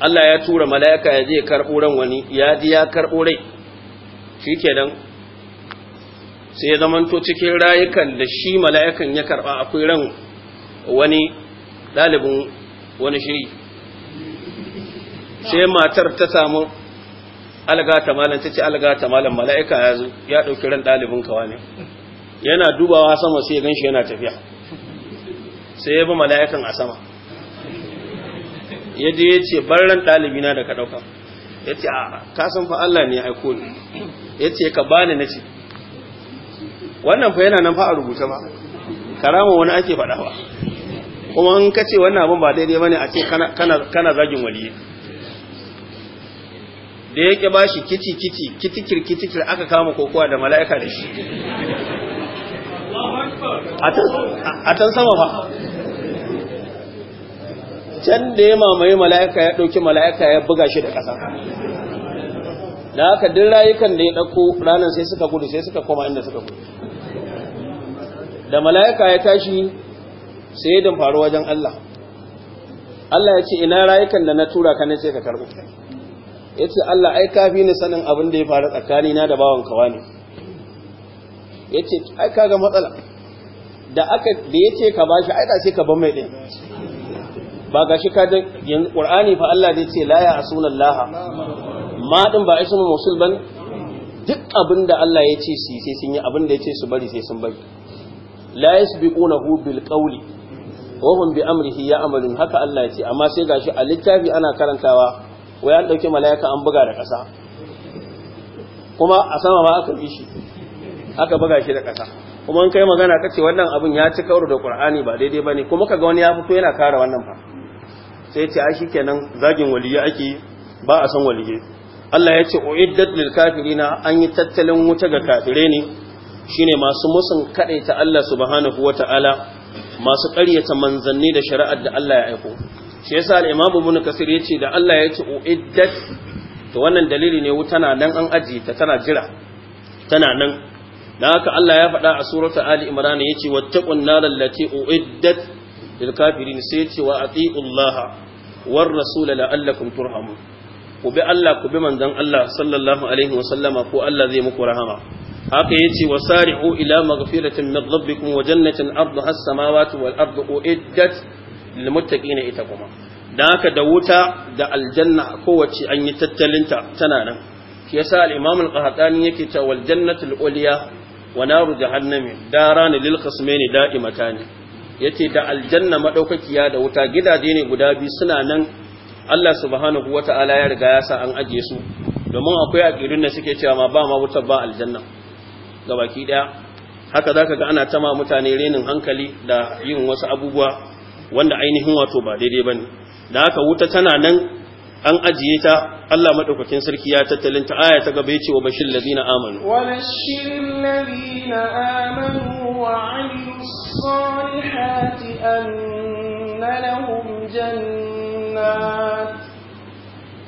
A: Allah ya tura mala'ika ya je karɓo ran wani ya ji ya karɓo rai shikenan sai ya zamanto cikin rayukan da shi mala'ikan ya karɓa akwai ran wani ɗalibin wani shiri sai matar ta samu algata malam ta ce algata malam mala'ika ya ɗauki ran ɗalibin kawa ne yana dubawa sama sai gan shi yana tafiya sai ya bi mala'ikan a sama ya je ya ce bar ran ɗalibina da ka ɗauka ya ce a kasan fa Allah ne ya aiko ni ya ce ka bani na ce wannan fa yana nan fa a rubuta ba karama wani ake faɗa ba kuma in ka ce wannan abin ba daidai ba ne a ce kana zagin wali da yake ba shi kici-kici kiti kitikir aka kama kokowa da mala'ika da shi
C: a can sama ba
A: can da ya mamaye mala'ika ya ɗauki mala'ika ya buga shi da ƙasa da haka duk rayukan da ya ɗauko ranar sai suka gudu sai suka koma inda suka gudu da mala'ika ya tashi sai ya damfaru wajen Allah Allah ya ce ina rayukan da na tura ka ne sai ka karɓi? ya ce Allah ai kafi ni sanin abin da ya faru tsakani na da bawan kawa ne ya ce ai kaga matsala da aka da ya ce ka bashi ai da sai ka ban mai ɗaya. ba ga ka kajin yanzu qur'ani fa Allah da ce la ya asunallaha ma din ba ismu musul ban duk abinda Allah ya ce su sai sun yi abinda ya ce su bari sai sun bari la hu bil qawli wa hum bi amrihi ya'malun haka Allah ya ce amma sai gashi a littafi ana karantawa wai an dauki malaika an buga da ƙasa. kuma a sama ma aka bi shi aka buga shi da ƙasa. kuma in kai magana kace wannan abin ya ci karo da Qur'ani ba daidai bane kuma kaga wani ya fito yana kare wannan fa sai ce ai kenan zagin waliyi ake ba a san waliyi Allah ya ce uiddat lil kafirina an yi tattalin wuta ga kafire ne shine masu musun ta Allah subhanahu wataala masu ƙaryata manzanni da shari'ar da Allah ya aiko shi yasa al-Imam Ibn ya yace da Allah ya ce uiddat to wannan dalili ne wuta na nan an ajiye ta tana jira tana nan dan haka Allah ya faɗa a surata Ali Imran yace wattaqun nar allati uiddat lil kafirin sai ce wa atiullaha war rasul la'allakum turhamun ku bi Allah ku bi manzon Allah sallallahu alaihi wa sallama ko Allah zai muku rahama haka yace wasari'u ila maghfiratin min rabbikum wa jannatin arduha as-samawati wal ardu uiddat lil muttaqina ita kuma dan haka da wuta da aljanna kowace an yi tattalinta tana nan shi yasa al-imam al-qahtani yake cewa wal jannatul ulya wa naru jahannami darani lil qismaini da'imatani yace da aljanna maɗaukakiya da wuta gidaje ne guda biyu suna nan Allah subhanahu wata'ala ya riga ya sa an ajiye su domin akwai aqidun da suke cewa ma ba ma wuta ba aljanna ga baki ɗaya haka zaka ga ana tama mutane renin hankali da yin wasu abubuwa wanda ainihin wato ba daidai bane da haka wuta tana nan an ajiye ta Allah madaukakin sarki ya tattalin ta aya ta gaba yace wa bashir ladina amanu
B: wa ladina amanu wa amilus salihati anna lahum jannat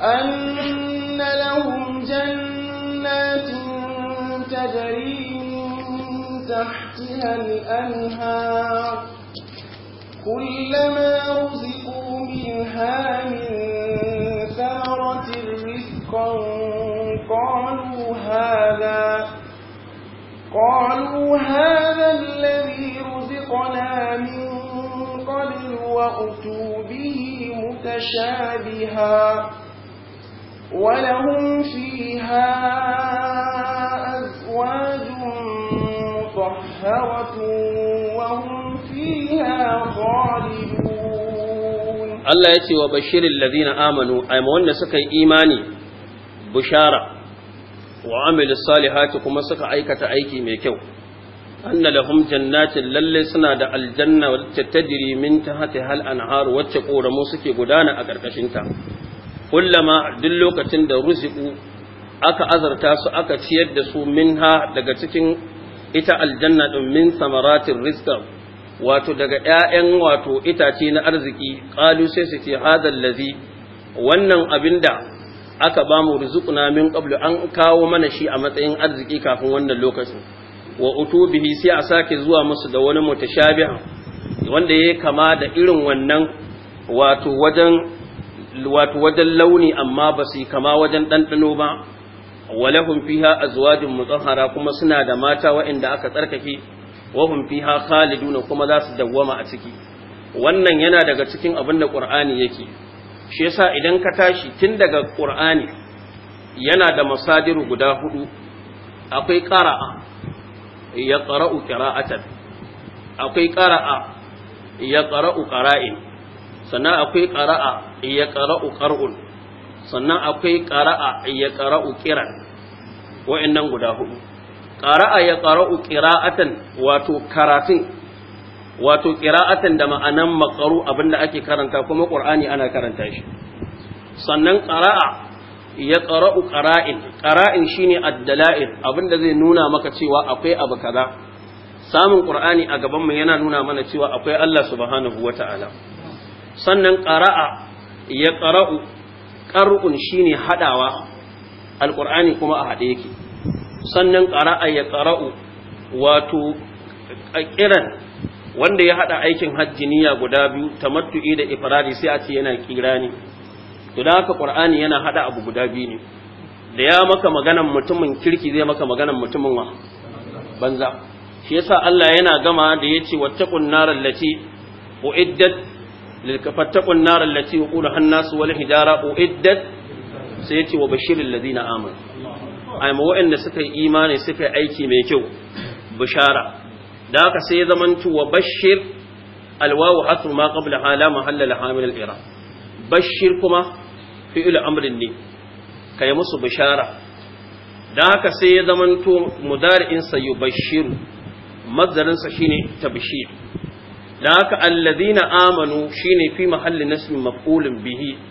B: anna lahum jannatin tajri min tahtiha al-anhar كلما رزقوا منها من الحجارة المسكا قالوا هذا قالوا هذا الذي رزقنا من قبل وأتوا به متشابها ولهم فيها أزواج مطهرة وهم فيها خالدون
A: Allah ya ce wa bashirin lazina amanu 'Aima wanda suka yi imani bushara wa amil salihati kuma suka aikata aiki mai kyau anna lahum jannatin lalle suna da aljanna wacce tajri min tahti hal anharu wacce koramu suke gudana a karkashin kullama duk lokacin da ruziku aka azarta su aka ciyar da su minha daga cikin ita aljanna din min samaratin rizqa wato daga ‘ya'yan wato itace na arziki ƙalu sai su ce hadal lazi wannan abin da aka ba mu rizukuna min ƙablu an kawo mana shi a matsayin arziki kafin wannan lokacin wa utu bihi sai a sake zuwa musu da wani mutashabiha wanda ya kama da irin wannan wato wajen wato wajen launi amma ba su kama wajen ɗanɗano ba walahum fiha azwajun mutahhara kuma suna da mata waɗanda aka tsarkake wahum fiha khalidun kuma za su dawwama a ciki wannan yana daga cikin abin da qur'ani yake shi yasa idan ka tashi tun daga qur'ani yana da masadiru guda hudu akwai qara'a ya qara'u qira'atan akwai qara'a ya qara'u qara'in sannan akwai qara'a ya qara'u qar'un sannan akwai qara'a ya qara'u qiran wa'annan guda hudu qara'a ya qara'u qira'atan wato karatun wato qira'atan da ma'anan maqaru abinda ake karanta kuma qur'ani ana karanta shi sannan qara'a ya qara'u qara'in qara'in shine ad-dala'il abinda zai nuna maka cewa akwai abu kaza samun qur'ani a gaban mu yana nuna mana cewa akwai Allah subhanahu wata'ala sannan qara'a ya qara'u qar'un shine hadawa alqur'ani kuma a hade yake sannan ƙara'a ya ƙara'u wato ƙiran wanda ya haɗa aikin hajji niyya guda biyu tamattu'i da ifirari sai a ce yana ƙira ne to da haka qur'ani yana haɗa abu guda biyu ne da ya maka maganan mutumin kirki zai maka maganan mutumin wa banza shi yasa Allah yana gama da yace wattaqun naral lati uiddat lil kafattaqun naral lati uqulahan hannasu wal hijara uiddat sai yace wa bashiril ladina amanu a ma waɗanda suka yi imani suka yi aiki mai kyau bishara da haka sai zamantu wa bashir alwawu hasu ma qabla hala mahallal hamil al-ira bashir kuma fi'il amrin ne kai musu bishara da haka sai ya zamanto mudari'in sa yubashiru mazdarin sa shine tabshir da haka alladhina amanu shine fi mahalli nasb maf'ulun bihi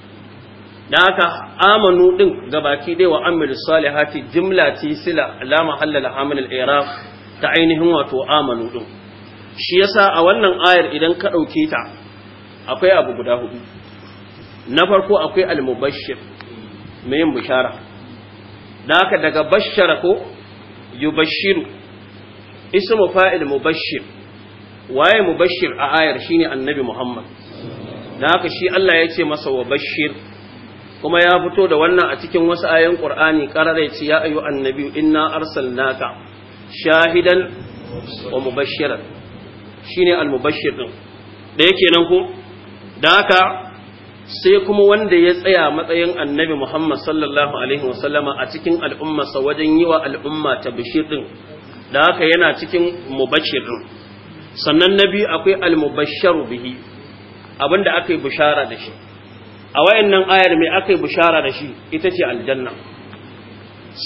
A: da haka amanu din baki dai wa amil salihati jimla ce sila la mahalla la hamil al ta ainihin wato amanu din shi yasa a wannan ayar idan ka dauke ta akwai abu guda hudu na farko akwai al-mubashshir mai yin bishara da haka daga bashara ko yubashshiru ismu fa'il mubashshir waye mubashshir a ayar shine annabi Muhammad da haka shi Allah ya ce masa wa bashir. kuma ya fito da wannan a cikin wasu ayan Qur'ani qarare ce ya ayu annabi inna arsalnaka shahidan wa mubashiran shine almubashir din da yake nan ko da haka sai kuma wanda ya tsaya matsayin annabi Muhammad sallallahu alaihi wa sallama a cikin al'ummarsa wajen yi wa al'umma ta bishir din da haka yana cikin mubashir din sannan nabi akwai almubashiru bihi abinda aka yi bishara da shi a nan ayar mai aka yi bishara da shi ita ce aljanna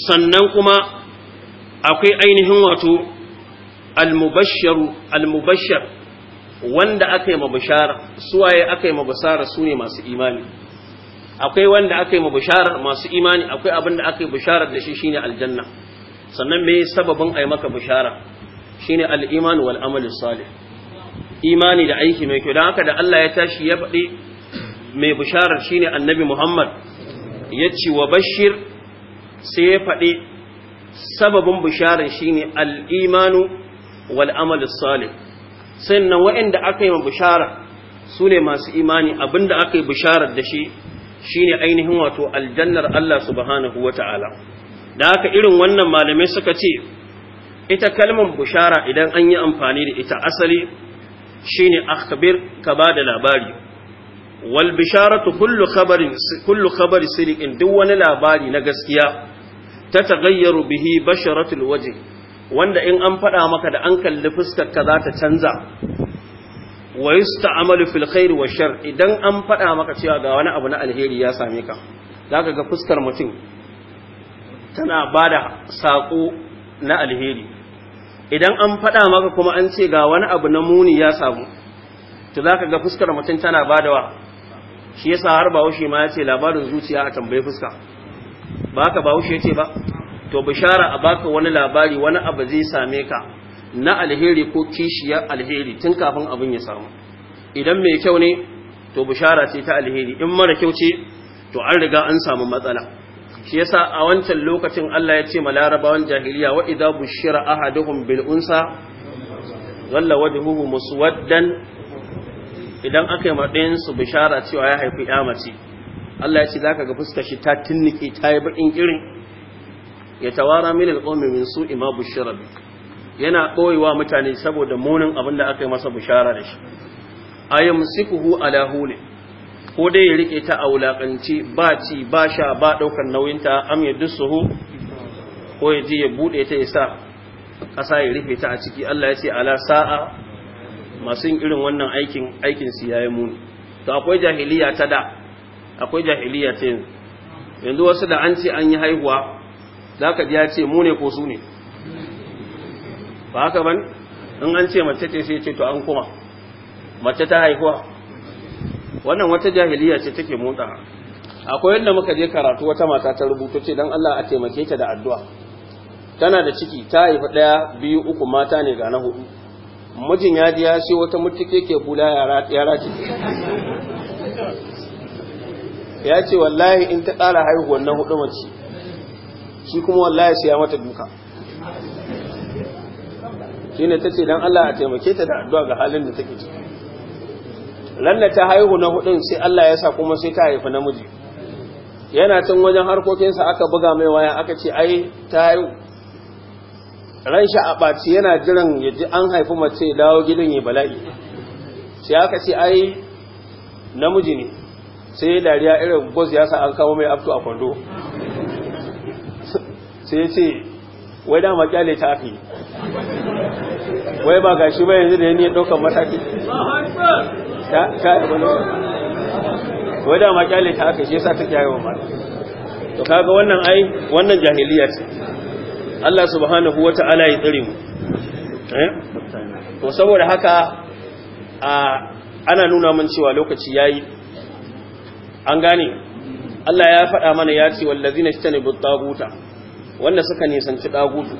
A: sannan kuma akwai ainihin wato almubasharu almubashar wanda aka yi mabishara suwaye aka yi mabishara su ne masu imani akwai wanda aka yi mabishara masu imani akwai abin da aka yi bishara da shi shine aljanna sannan me sababin ai maka bishara shine al-iman wal amal salih imani da aiki mai kyau Don haka da Allah ya tashi ya faɗi mai bisharar shine annabi Muhammad ya ce wa bashir sai ya faɗi sababin bisharar shine al'imanu wal Salim sannan waɗanda aka yi ma bishara su ne masu imani abinda aka yi bisharar da shi shine ainihin wato aljannar Allah subhanahu wata'ala da haka irin wannan malamai suka ce ita kalmar bishara idan an yi amfani da ita asali shine akhbir ka ba da labari wal bisharatu kullu khabarin kullu khabari siriqin duk wani labari na gaskiya ta tagayyaru bihi basharatul waje, wanda in an faɗa maka da an kalli fuskar ka za ta canza wa yusta'malu fil filkhairu wa shar idan an faɗa maka cewa ga wani abu na alheri ya same ka zaka ga fuskar mutum tana bada sako na alheri idan an faɗa maka kuma an ce ga wani abu na muni ya samu to zaka ga fuskar mutum tana bada wa shi yasa har bahaushe ma ya ce labarin zuciya a tambayi fuska ba ka bahaushe ce ba to bishara a baka wani labari wani abu zai same ka na alheri ko kishiyar alheri tun kafin abin ya samu idan mai kyau ne to bishara ce ta alheri in mara kyau ce to an riga an samu matsala shi yasa a wancan lokacin Allah ya ce ma larabawan jahiliya wa idza bushira ahaduhum bil unsa walla wajhuhu muswaddan idan aka yi maɗayin su bishara cewa ya haifi ya mace Allah ya ce zaka ga fuskar shi ta tinnike ta yi bakin irin ya tawara min alqawmi min su ima bushira bi yana koyewa mutane saboda munin abin da aka yi masa bishara da shi A ayamsikuhu ala hulin ko dai ya riƙe ta a wulakanci ba ci ba sha ba ɗaukar nauyinta am ya dusuhu ko ya je ya buɗe ta ya sa ƙasa ya rufe ta a ciki Allah ya ce ala sa'a masu yin irin wannan aikin aikin su yayi muni to akwai jahiliya ta da akwai jahiliya ta yanzu yanzu wasu da an ce an yi haihuwa ka ji ya ce mu ne ko su ne ba haka ban in an ce mace ce sai ce to an kuma mace ta haihuwa wannan wata jahiliya ce take motsa akwai yadda muka je karatu wata mata ta rubuta ce dan Allah a taimake ta da addu'a tana da ciki ta haifi ɗaya biyu uku mata ne ga na hudu mijin ya ji ya sai wata mutuke ke bula yara ce ya ce wallahi in ta ƙara haihuwar na hudu mace shi kuma wallahi sai ya mata duka shi ne ta ce don Allah a taimake ta da addu'a ga halin da take ciki ranna ta haihu na hudun sai Allah ya sa kuma sai ta haifi namiji yana can wajen harkokinsa aka buga mai waya aka ce ai ta haihu ran shi a ɓaci yana jiran ya ji an haifi mace dawo gidan ya bala'i sai aka ce ai namiji ne sai dariya irin bos ya sa an kawo mai abtu a kwando sai ya ce wai dama kyale ta fi yi wai ba ga shi ba yanzu da yanyi ɗaukan mataki wai dama kyale ta aka shi ya sa ta kyaye wa mata to kaga wannan ai wannan jahiliya ce Allah subhanahu ta'ala ya tsare mu eh? to saboda haka ana nuna mun cewa lokaci yayi an gane Allah ya faɗa mana ya ce wallazina istanibu taguta wanda suka nisanci dagutu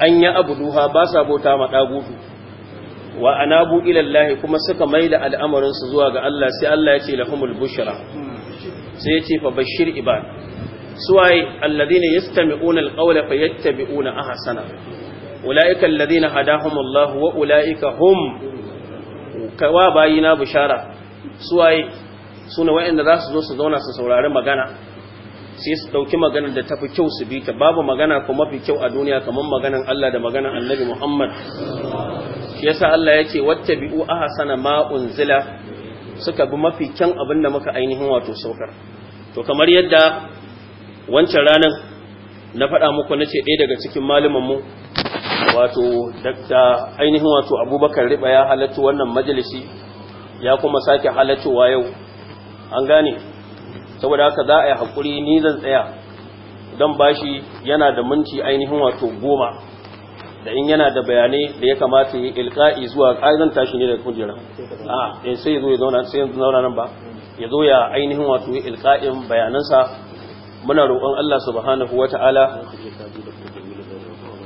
A: an ya abuduha ba sa bauta ma dagutu wa anabu ila Allah kuma suka maida al'amarin su zuwa ga Allah sai Allah ya ce lahumul bushra sai ya ce fa bashir ibad suwaye yadda yastami'una alqawla fayattabi'una ahsana ulaika alladhina hadahumullahu wa ulaika hum kawa bayina bishara suwaye sune wayanda za su zo su zauna su saurari magana sai su ɗauki maganar da tafi kyau su bi ta babu magana ko mafi kyau a duniya kamar maganar Allah da maganar Annabi Muhammad yasa Allah yake wattabi'u ahsana ma unzila suka bi mafi kyan abin da muka ainihin wato saukar to kamar yadda wancan ranar na faɗa muku na ce ɗaya daga cikin mu wato da ainihin wato abubakar riba ya wannan majalisi ya kuma sake wa yau an gane saboda haka za a yi hakuri ni zan tsaya don bashi yana da minti ainihin wato goma da in yana da bayanai da ya kamata yi ilka'i zuwa ƙa'izan tashi ne da kujera a eh, sai zo ya zauna nan ba ya zo ya ainihin wato yi ilka'in bayanansa muna roƙon Allah subhanahu wata'ala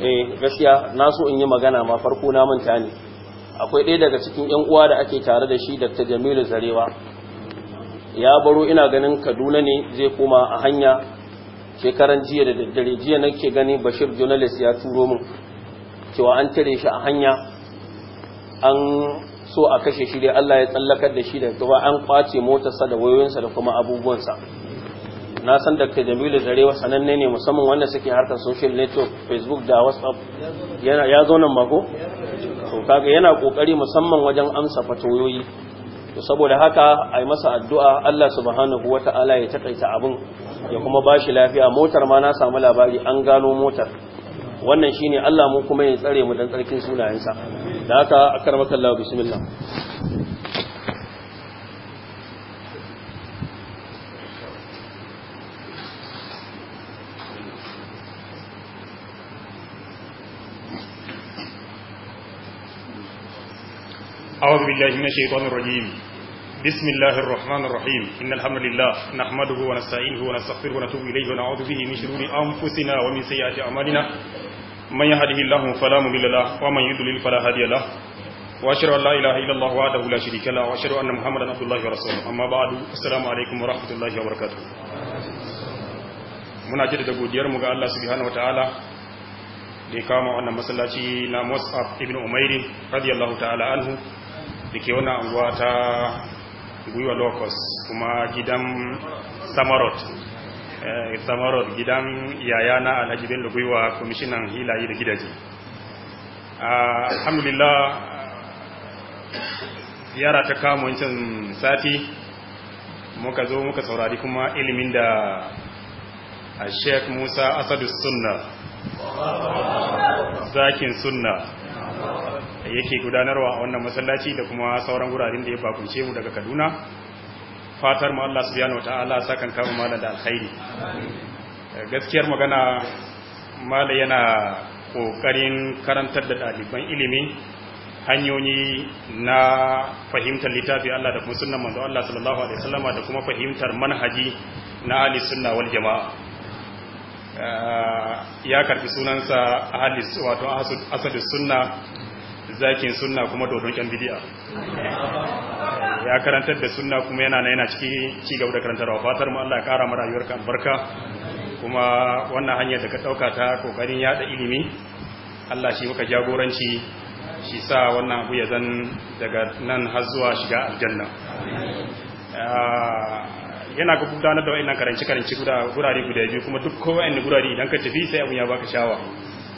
A: eh gaskiya na so in yi magana ma farko na manta ne akwai ɗaya daga cikin ƴan uwa da ake tare da shi Dr. Jamilu Zarewa ya baro ina ganin Kaduna ne zai koma a hanya shekaran jiya da daddare jiya nake gani Bashir journalist ya turo min cewa an tare shi a hanya an so a kashe shi dai Allah ya tsallakar da shi da gaba an kwace motarsa da wayoyinsa da kuma abubuwansa na san da jamilu zarewa sananne ne musamman wanda suke harkar social network facebook da whatsapp ya zo nan mako to kaga yana kokari musamman wajen amsa fatoyoyi to saboda haka a yi masa addu'a Allah subhanahu wa ta'ala ya takaita abun ya kuma ba shi lafiya motar ma na samu labari an gano motar wannan shine Allah mu kuma ya tsare mu dan tsarkin sunayensa da haka akar makalla bismillah
D: أعوذ بالله من الشيطان الرجيم بسم الله الرحمن الرحيم إن الحمد لله نحمده ونستعينه ونستغفره ونتوب إليه ونعوذ به من شرور أنفسنا ومن سيئات أعمالنا من يهده الله فلا مضل له ومن يضلل فلا هادي له وأشهد أن لا إله إلا الله وحده لا شريك له وأشهد أن محمدا عبد الله ورسوله أما بعد السلام عليكم ورحمة الله وبركاته muna jaddada godiyar mu ga Allah subhanahu wataala da ya kama wannan masallaci na Mus'ab ibn Umair radiyallahu ta'ala anhu da ke wani anguwa ta gwiwa locus kuma gidan samarot eh, samarot gidan yayana alhaji bello gwiwa kwamishinan hilayi da gidaje ah, alhamdulillah ziyara ta wancan sati muka zo muka saurari kuma ilimin da a sheik musa asadu sunna zakin sunna yake gudanarwa a wannan masallaci da kuma sauran wuraren da ya bakunce mu daga Kaduna fatar mu Allah subhanahu wataala sakan kama malam da alkhairi eh, gaskiyar magana malam yana kokarin karantar da daliban ilimi hanyoyi na fahimtar littafi Allah da kuma sunnan manzo Allah sallallahu alaihi wasallama da kuma fahimtar manhaji na ahli sunna wal jamaa eh, ya karbi sunansa ahli wato asadu sunna zakin suna kuma dodon kyan bidiya ya karantar da sunna kuma yana na yana ciki cigaba da wa. fatar mu Allah ya kara mu rayuwarka barka. kuma wannan hanyar da ka dauka ta kokarin yada ilimi Allah shi muka jagoranci shi sa wannan abu ya zan daga nan har zuwa shiga aljanna ah, yana ga gudanar da wayannan karanci karanci gurare guda biyu kuma duk kowa ne gurare idan ka tafi sai abun ya baka shawa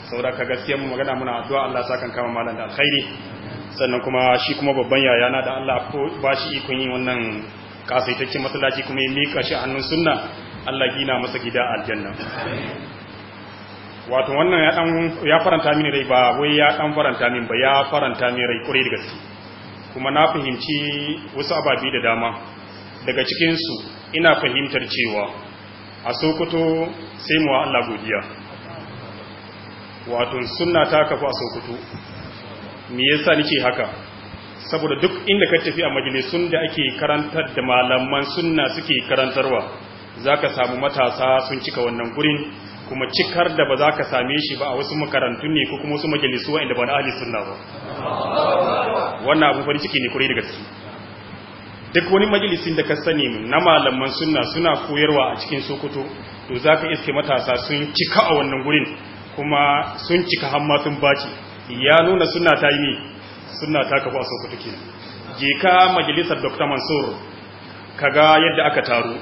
D: saboda ka gaskiyar mu magana muna addu'a Allah saka kan kama malam da alkhairi sannan kuma shi kuma babban yaya na da Allah ko ba shi ikon yin wannan kasaitaccen masallaci kuma ya mika shi sunna Allah gina masa gida aljanna wato wannan ya dan ya faranta mini rai ba wai ya dan faranta min ba ya faranta mini rai kure da gaske kuma na fahimci wasu ababi da dama daga cikin su ina fahimtar cewa a Sokoto sai mu wa Allah godiya wato sunna ta kafu a sokoto me yasa nake haka saboda duk inda ka tafi a majalisun da ake karantar da malaman sunna suke karantarwa zaka samu matasa sun cika wannan gurin kuma cikar da ba za ka same shi ba a wasu makarantun ne ko kuma wasu majalisu inda ba na ahli sunna ba wannan abu farin ciki ne kure daga ciki. duk wani majalisin da ka sani na malaman sunna suna koyarwa a cikin sokoto to za ka iske matasa sun cika a wannan gurin kuma sun cika hamma sun baci ya nuna suna ta yi ne suna ta kafa a sokoto ke je ka majalisar dr mansur kaga yadda aka taru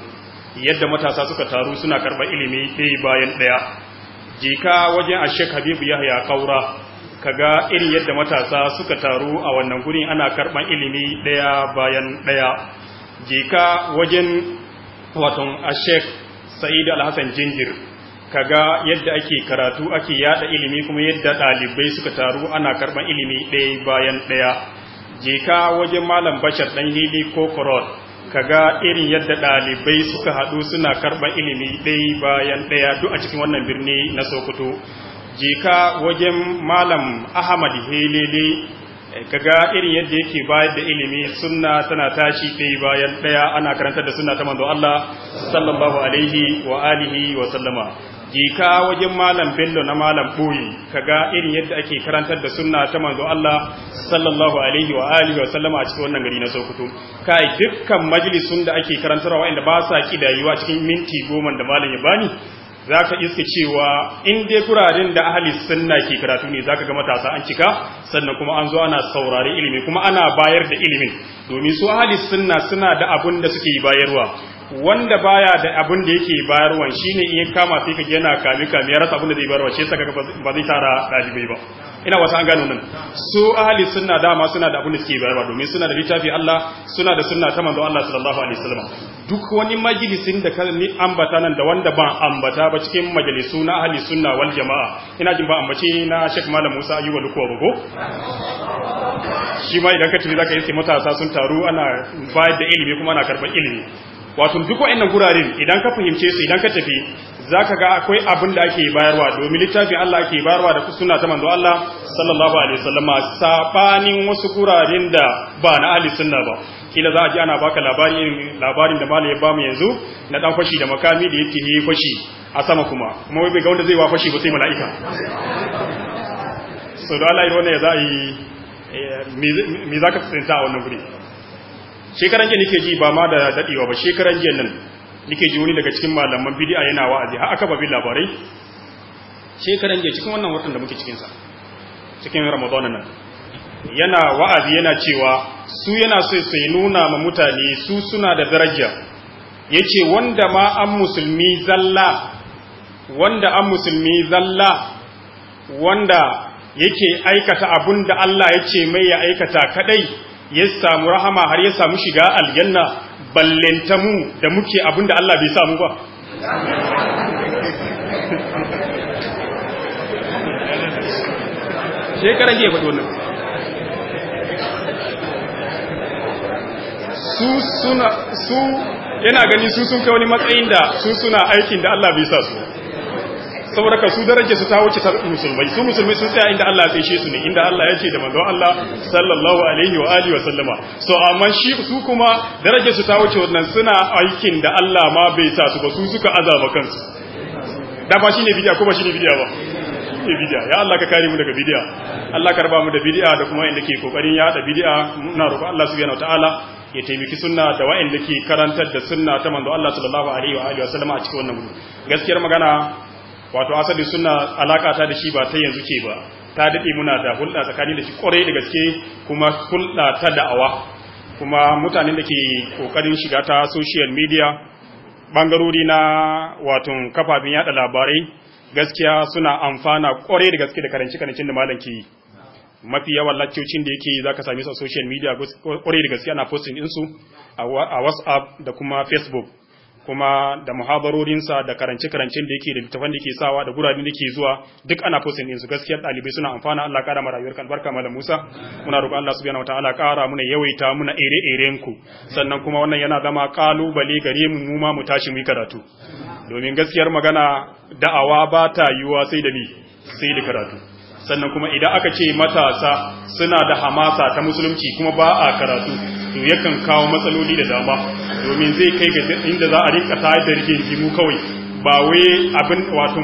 D: yadda matasa suka taru suna karɓar ilimi ɗaya bayan ɗaya je ka wajen a habibu yahya kaura kaga irin yadda matasa suka taru a wannan guri ana karɓar ilimi ɗaya bayan ɗaya je ka wajen waton a shek sa'id alhassan jinjir kaga yadda ake karatu ake yada ilimi kuma yadda ɗalibai suka taru ana karɓar ilimi ɗaya bayan ɗaya je ka wajen malam bashar ɗan hili ko ka kaga irin yadda ɗalibai suka haɗu suna karɓar ilimi ɗaya bayan ɗaya duk a cikin wannan birni na sokoto je ka wajen malam ahmad helele eh, kaga irin yadda yake bayar da ilimi suna tana tashi ɗaya bayan ɗaya ana karantar da suna ta manzo Allah sallallahu alaihi wa alihi wa sallama jika wajen malam bello na malam ka kaga irin yadda ake karantar da sunna ta manzo Allah sallallahu alaihi wa alihi wa sallama a cikin wannan gari na Sokoto kai dukkan majalisun da ake karantarwa inda ba sa kidayuwa cikin minti goma da malam ya bani zaka iske cewa in dai kurarin da ahli sunna ke karatu ne zaka ga matasa an cika sannan kuma an zo ana saurare ilimi kuma ana bayar da ilimin domin su ahli sunna suna da abun da suke bayarwa wanda baya da abin da yake shi shine in kama sai kage yana kami kami ya rasa abin da zai bayarwa shi saka ba zai tara dalibai ba ina wasu an gano nan su ahli sunna dama suna da abin da suke bayarwa domin suna da littafi Allah suna da sunna ta manzo Allah sallallahu alaihi wasallam duk wani majalisin da ni ambata nan da wanda ba ambata ba cikin majalisu na ahli sunna wal jamaa ina jin ba ambace na Sheikh Malam Musa Ayyuba Lukuwa bugo shi ma idan ka tafi zaka yi sai matasa sun taru ana bayar da ilimi kuma ana karban ilimi wato duk wa'annan guraren idan ka fahimce su idan ka tafi zaka ga akwai abin da ake bayarwa domin littafin Allah ake bayarwa da sunna ta manzo Allah sallallahu alaihi wasallama sabanin wasu guraren da ba na ahli sunna ba kila za a ji ana baka labarin labarin da malai ya bamu yanzu na dan fashi da makami da yake yi fashi a sama kuma kuma wai bai ga wanda zai wa fashi ba sai mala'ika so da Allah ya ya za a yi eh, me za ka tsinta a wannan guri shekaran jiya nake ji ba ma da dadewa ba shekaran jiya nan nake ji wani daga cikin malaman bid'a yana wa'azi har aka bi labarai shekaran jiya cikin wannan watan da muke cikin sa cikin Ramadan nan yana wa'azi yana cewa su yana so sai nuna ma mutane su suna da daraja yace wanda ma an musulmi zalla wanda an musulmi zalla wanda yake aikata abun da Allah ya ce mai ya aikata kadai ya samu rahama har ya samu shiga aljanna ballenta mu da muke abinda Allah bai samu ba shekaran ya faɗo nan su suna su yana gani su sun kai wani matsayin da su suna aikin da Allah bai sa su saboda ka su daraja su ta wuce musulmai su musulmai sun tsaya inda Allah ya tsaye su ne inda Allah ya ce da manzon Allah sallallahu alaihi wa alihi wa sallama so amma shi su kuma daraja su ta wuce wannan suna aikin da Allah ma bai sa su ba su suka azaba kansu da ba shine bidiya ko ba shine bidiya ba ne bid'a ya Allah ka kare mu daga bid'a Allah ka raba mu da bid'a da kuma inda ke kokarin da bid'a muna roƙo Allah subhanahu ta'ala ya taimaki sunna da da ke karantar da sunna ta manzo Allah sallallahu alaihi wa alihi wa sallama a cikin wannan gaskiyar magana wato asali suna alaka ta da shi ba ta yanzu ke ba ta daɗe muna da hulɗa tsakani da shi kwarai da gaske kuma hulɗa ta da'awa kuma mutanen da ke kokarin shiga ta social media bangarori na wato kafafen yaɗa labarai gaskiya suna amfana kwarai da gaske da karanci karancin da malam mafi yawan laccocin da yake ka same su a social media kwarai da gaske ana posting ɗinsu a WhatsApp da kuma Facebook kuma da muhabarorinsa da karance-karancen da yake da littafan da yake sawa da guraben da yake zuwa duk ana posting din su Gaskiyar dalibai suna amfana Allah ƙara ma albarka malam Musa muna roƙon Allah subhanahu wataala ƙara muna yawaita muna ire-iren ku sannan kuma wannan yana zama kalubale gare mu mu ma mu tashi mu yi karatu domin gaskiyar magana da'awa ba ta yiwuwa sai da ni sai da karatu sannan kuma idan aka ce matasa suna da hamasa ta musulunci kuma ba a karatu to yakan kawo matsaloli da dama domin zai kai ga inda za a rinka tayar da rigingimu kawai ba wai abin wato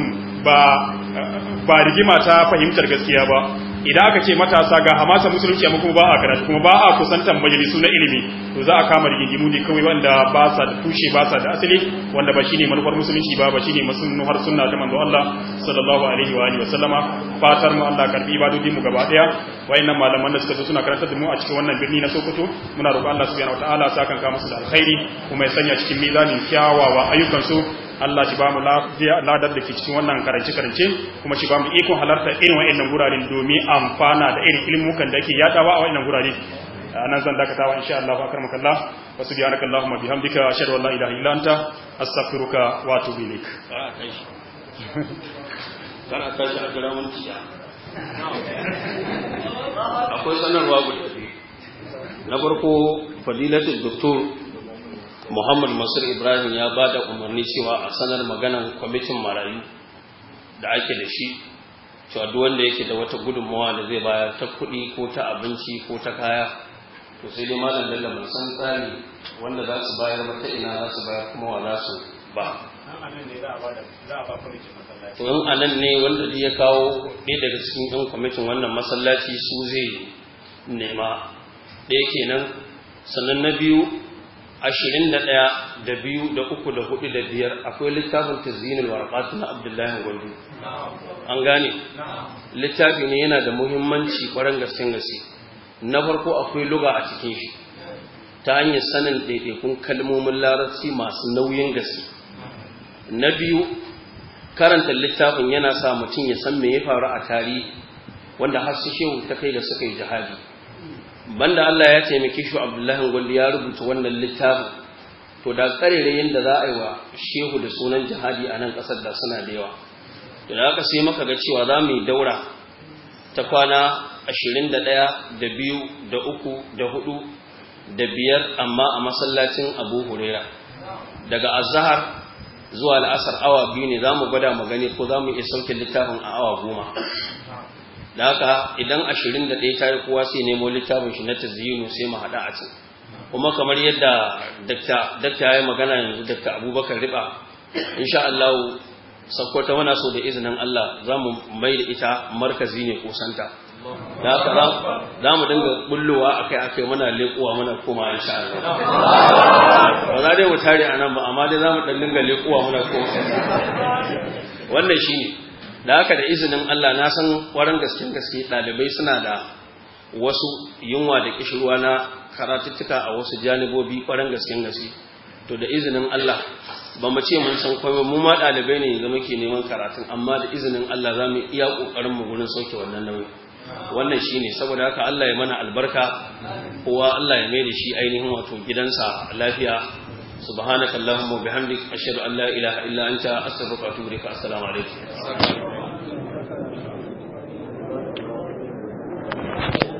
D: ba rigima ta fahimtar gaskiya ba idan aka ce matasa ga hamasa musulunci amma kuma ba a karatu kuma ba a kusantan majalisu na ilimi to za a kama rigingimu ne kawai wanda ba sa da tushe ba sa da asali wanda ba ne manufar musulunci ba ba ne musulmi har sunna da manzo Allah sallallahu alaihi wa alihi wa sallama fatar mu Allah karbi ibadodi mu gaba daya wayannan malaman da suka zo suna karanta da mu a cikin wannan birni na Sokoto muna roƙon Allah subhanahu wataala kan ka musu da alkhairi kuma ya sanya cikin mizanin kyawawa ayyukan su Allah shi ba lafiya ladar da ke cikin wannan karance karance kuma shi mu ikon halarta irin wa'annan gurare domin amfana da irin ilmukan da ke yadawa a wa'annan gurare nan zan dakatawa insha Allah akramakallah wa subhanaka allahumma bihamdika ashhadu an la ilaha illa anta astaghfiruka wa atubu ilaik a tashi a kira mun tiya
C: akwai sanarwa guda
D: na farko
A: fadilatul doktor muhammad masur ibrahim ya ba da umarni cewa a sanar maganan kwamitin marayu da ake da shi cewa duk wanda yake da wata gudunmawa da zai bayar ta kuɗi ko ta abinci ko ta kaya to sai dai malam dalla mun san tsari wanda za su bayar mata ina za su bayar kuma wa za su ba
C: to in anan ne wanda
A: ya kawo ɗaya daga cikin ɗan kwamitin wannan masallaci su zai nema ɗaya kenan sannan na biyu ashirin da ɗaya da biyu da uku da hudu da biyar akwai littafin tazinin warfatu na abdullahi gwandu
C: an gane littafi ne yana da muhimmanci ƙwarar gasken
A: gaske na farko akwai luga a cikin shi ta hanyar sanin ɗaiɗaikun kalmomin larabci masu nauyin gaske na biyu karanta littafin yana sa mutum ya san me ya faru a tarihi wanda har su shehu ta kai da suka yi jihadi banda Allah ya taimake shi Abdullahi Gwalli ya rubuta wannan littafin to da karerayin da za a yi wa shehu da sunan jihadi a nan ƙasar da suna da yawa to da aka sai maka ga cewa za mu yi daura ta kwana ashirin da ɗaya da biyu da uku da hudu da biyar amma a masallacin abu huraira daga azahar zuwa la'asar awa biyu ne za mu gwada mu gani ko za mu iya sauke littafin a awa goma da haka idan ashirin da ɗaya ta yi kowa sai nemo littafin shi na taziyinu sai mu haɗa a can kuma kamar yadda dakta ya yi magana yanzu dakta abubakar riba insha Allah ta muna so da izinin Allah za mu mai da ita markazi ne kusanta
C: da haka
A: za mu dinga bullowa akai akai muna lekuwa muna koma insha Allah ba za dai mu tare a nan ba amma dai za mu dinga lekuwa muna koma wannan shine da haka da izinin Allah na san kwarin gasken gaske ɗalibai suna da wasu yunwa da kishirwa na karatuttuka a wasu janibobi kwarin gaske gaske to da izinin Allah ba mu ce mun san komai mu ma ɗalibai ne yanzu muke neman karatun amma da izinin Allah za mu iya ƙoƙarin mu gurin sauke wannan nauyi wannan shine saboda haka Allah ya mana albarka kowa Allah ya mai da shi ainihin wato gidansa lafiya subhanaka allahumma wa bihamdik ashhadu an la ilaha illa anta astaghfiruka wa atubu ilaik assalamu
C: alaikum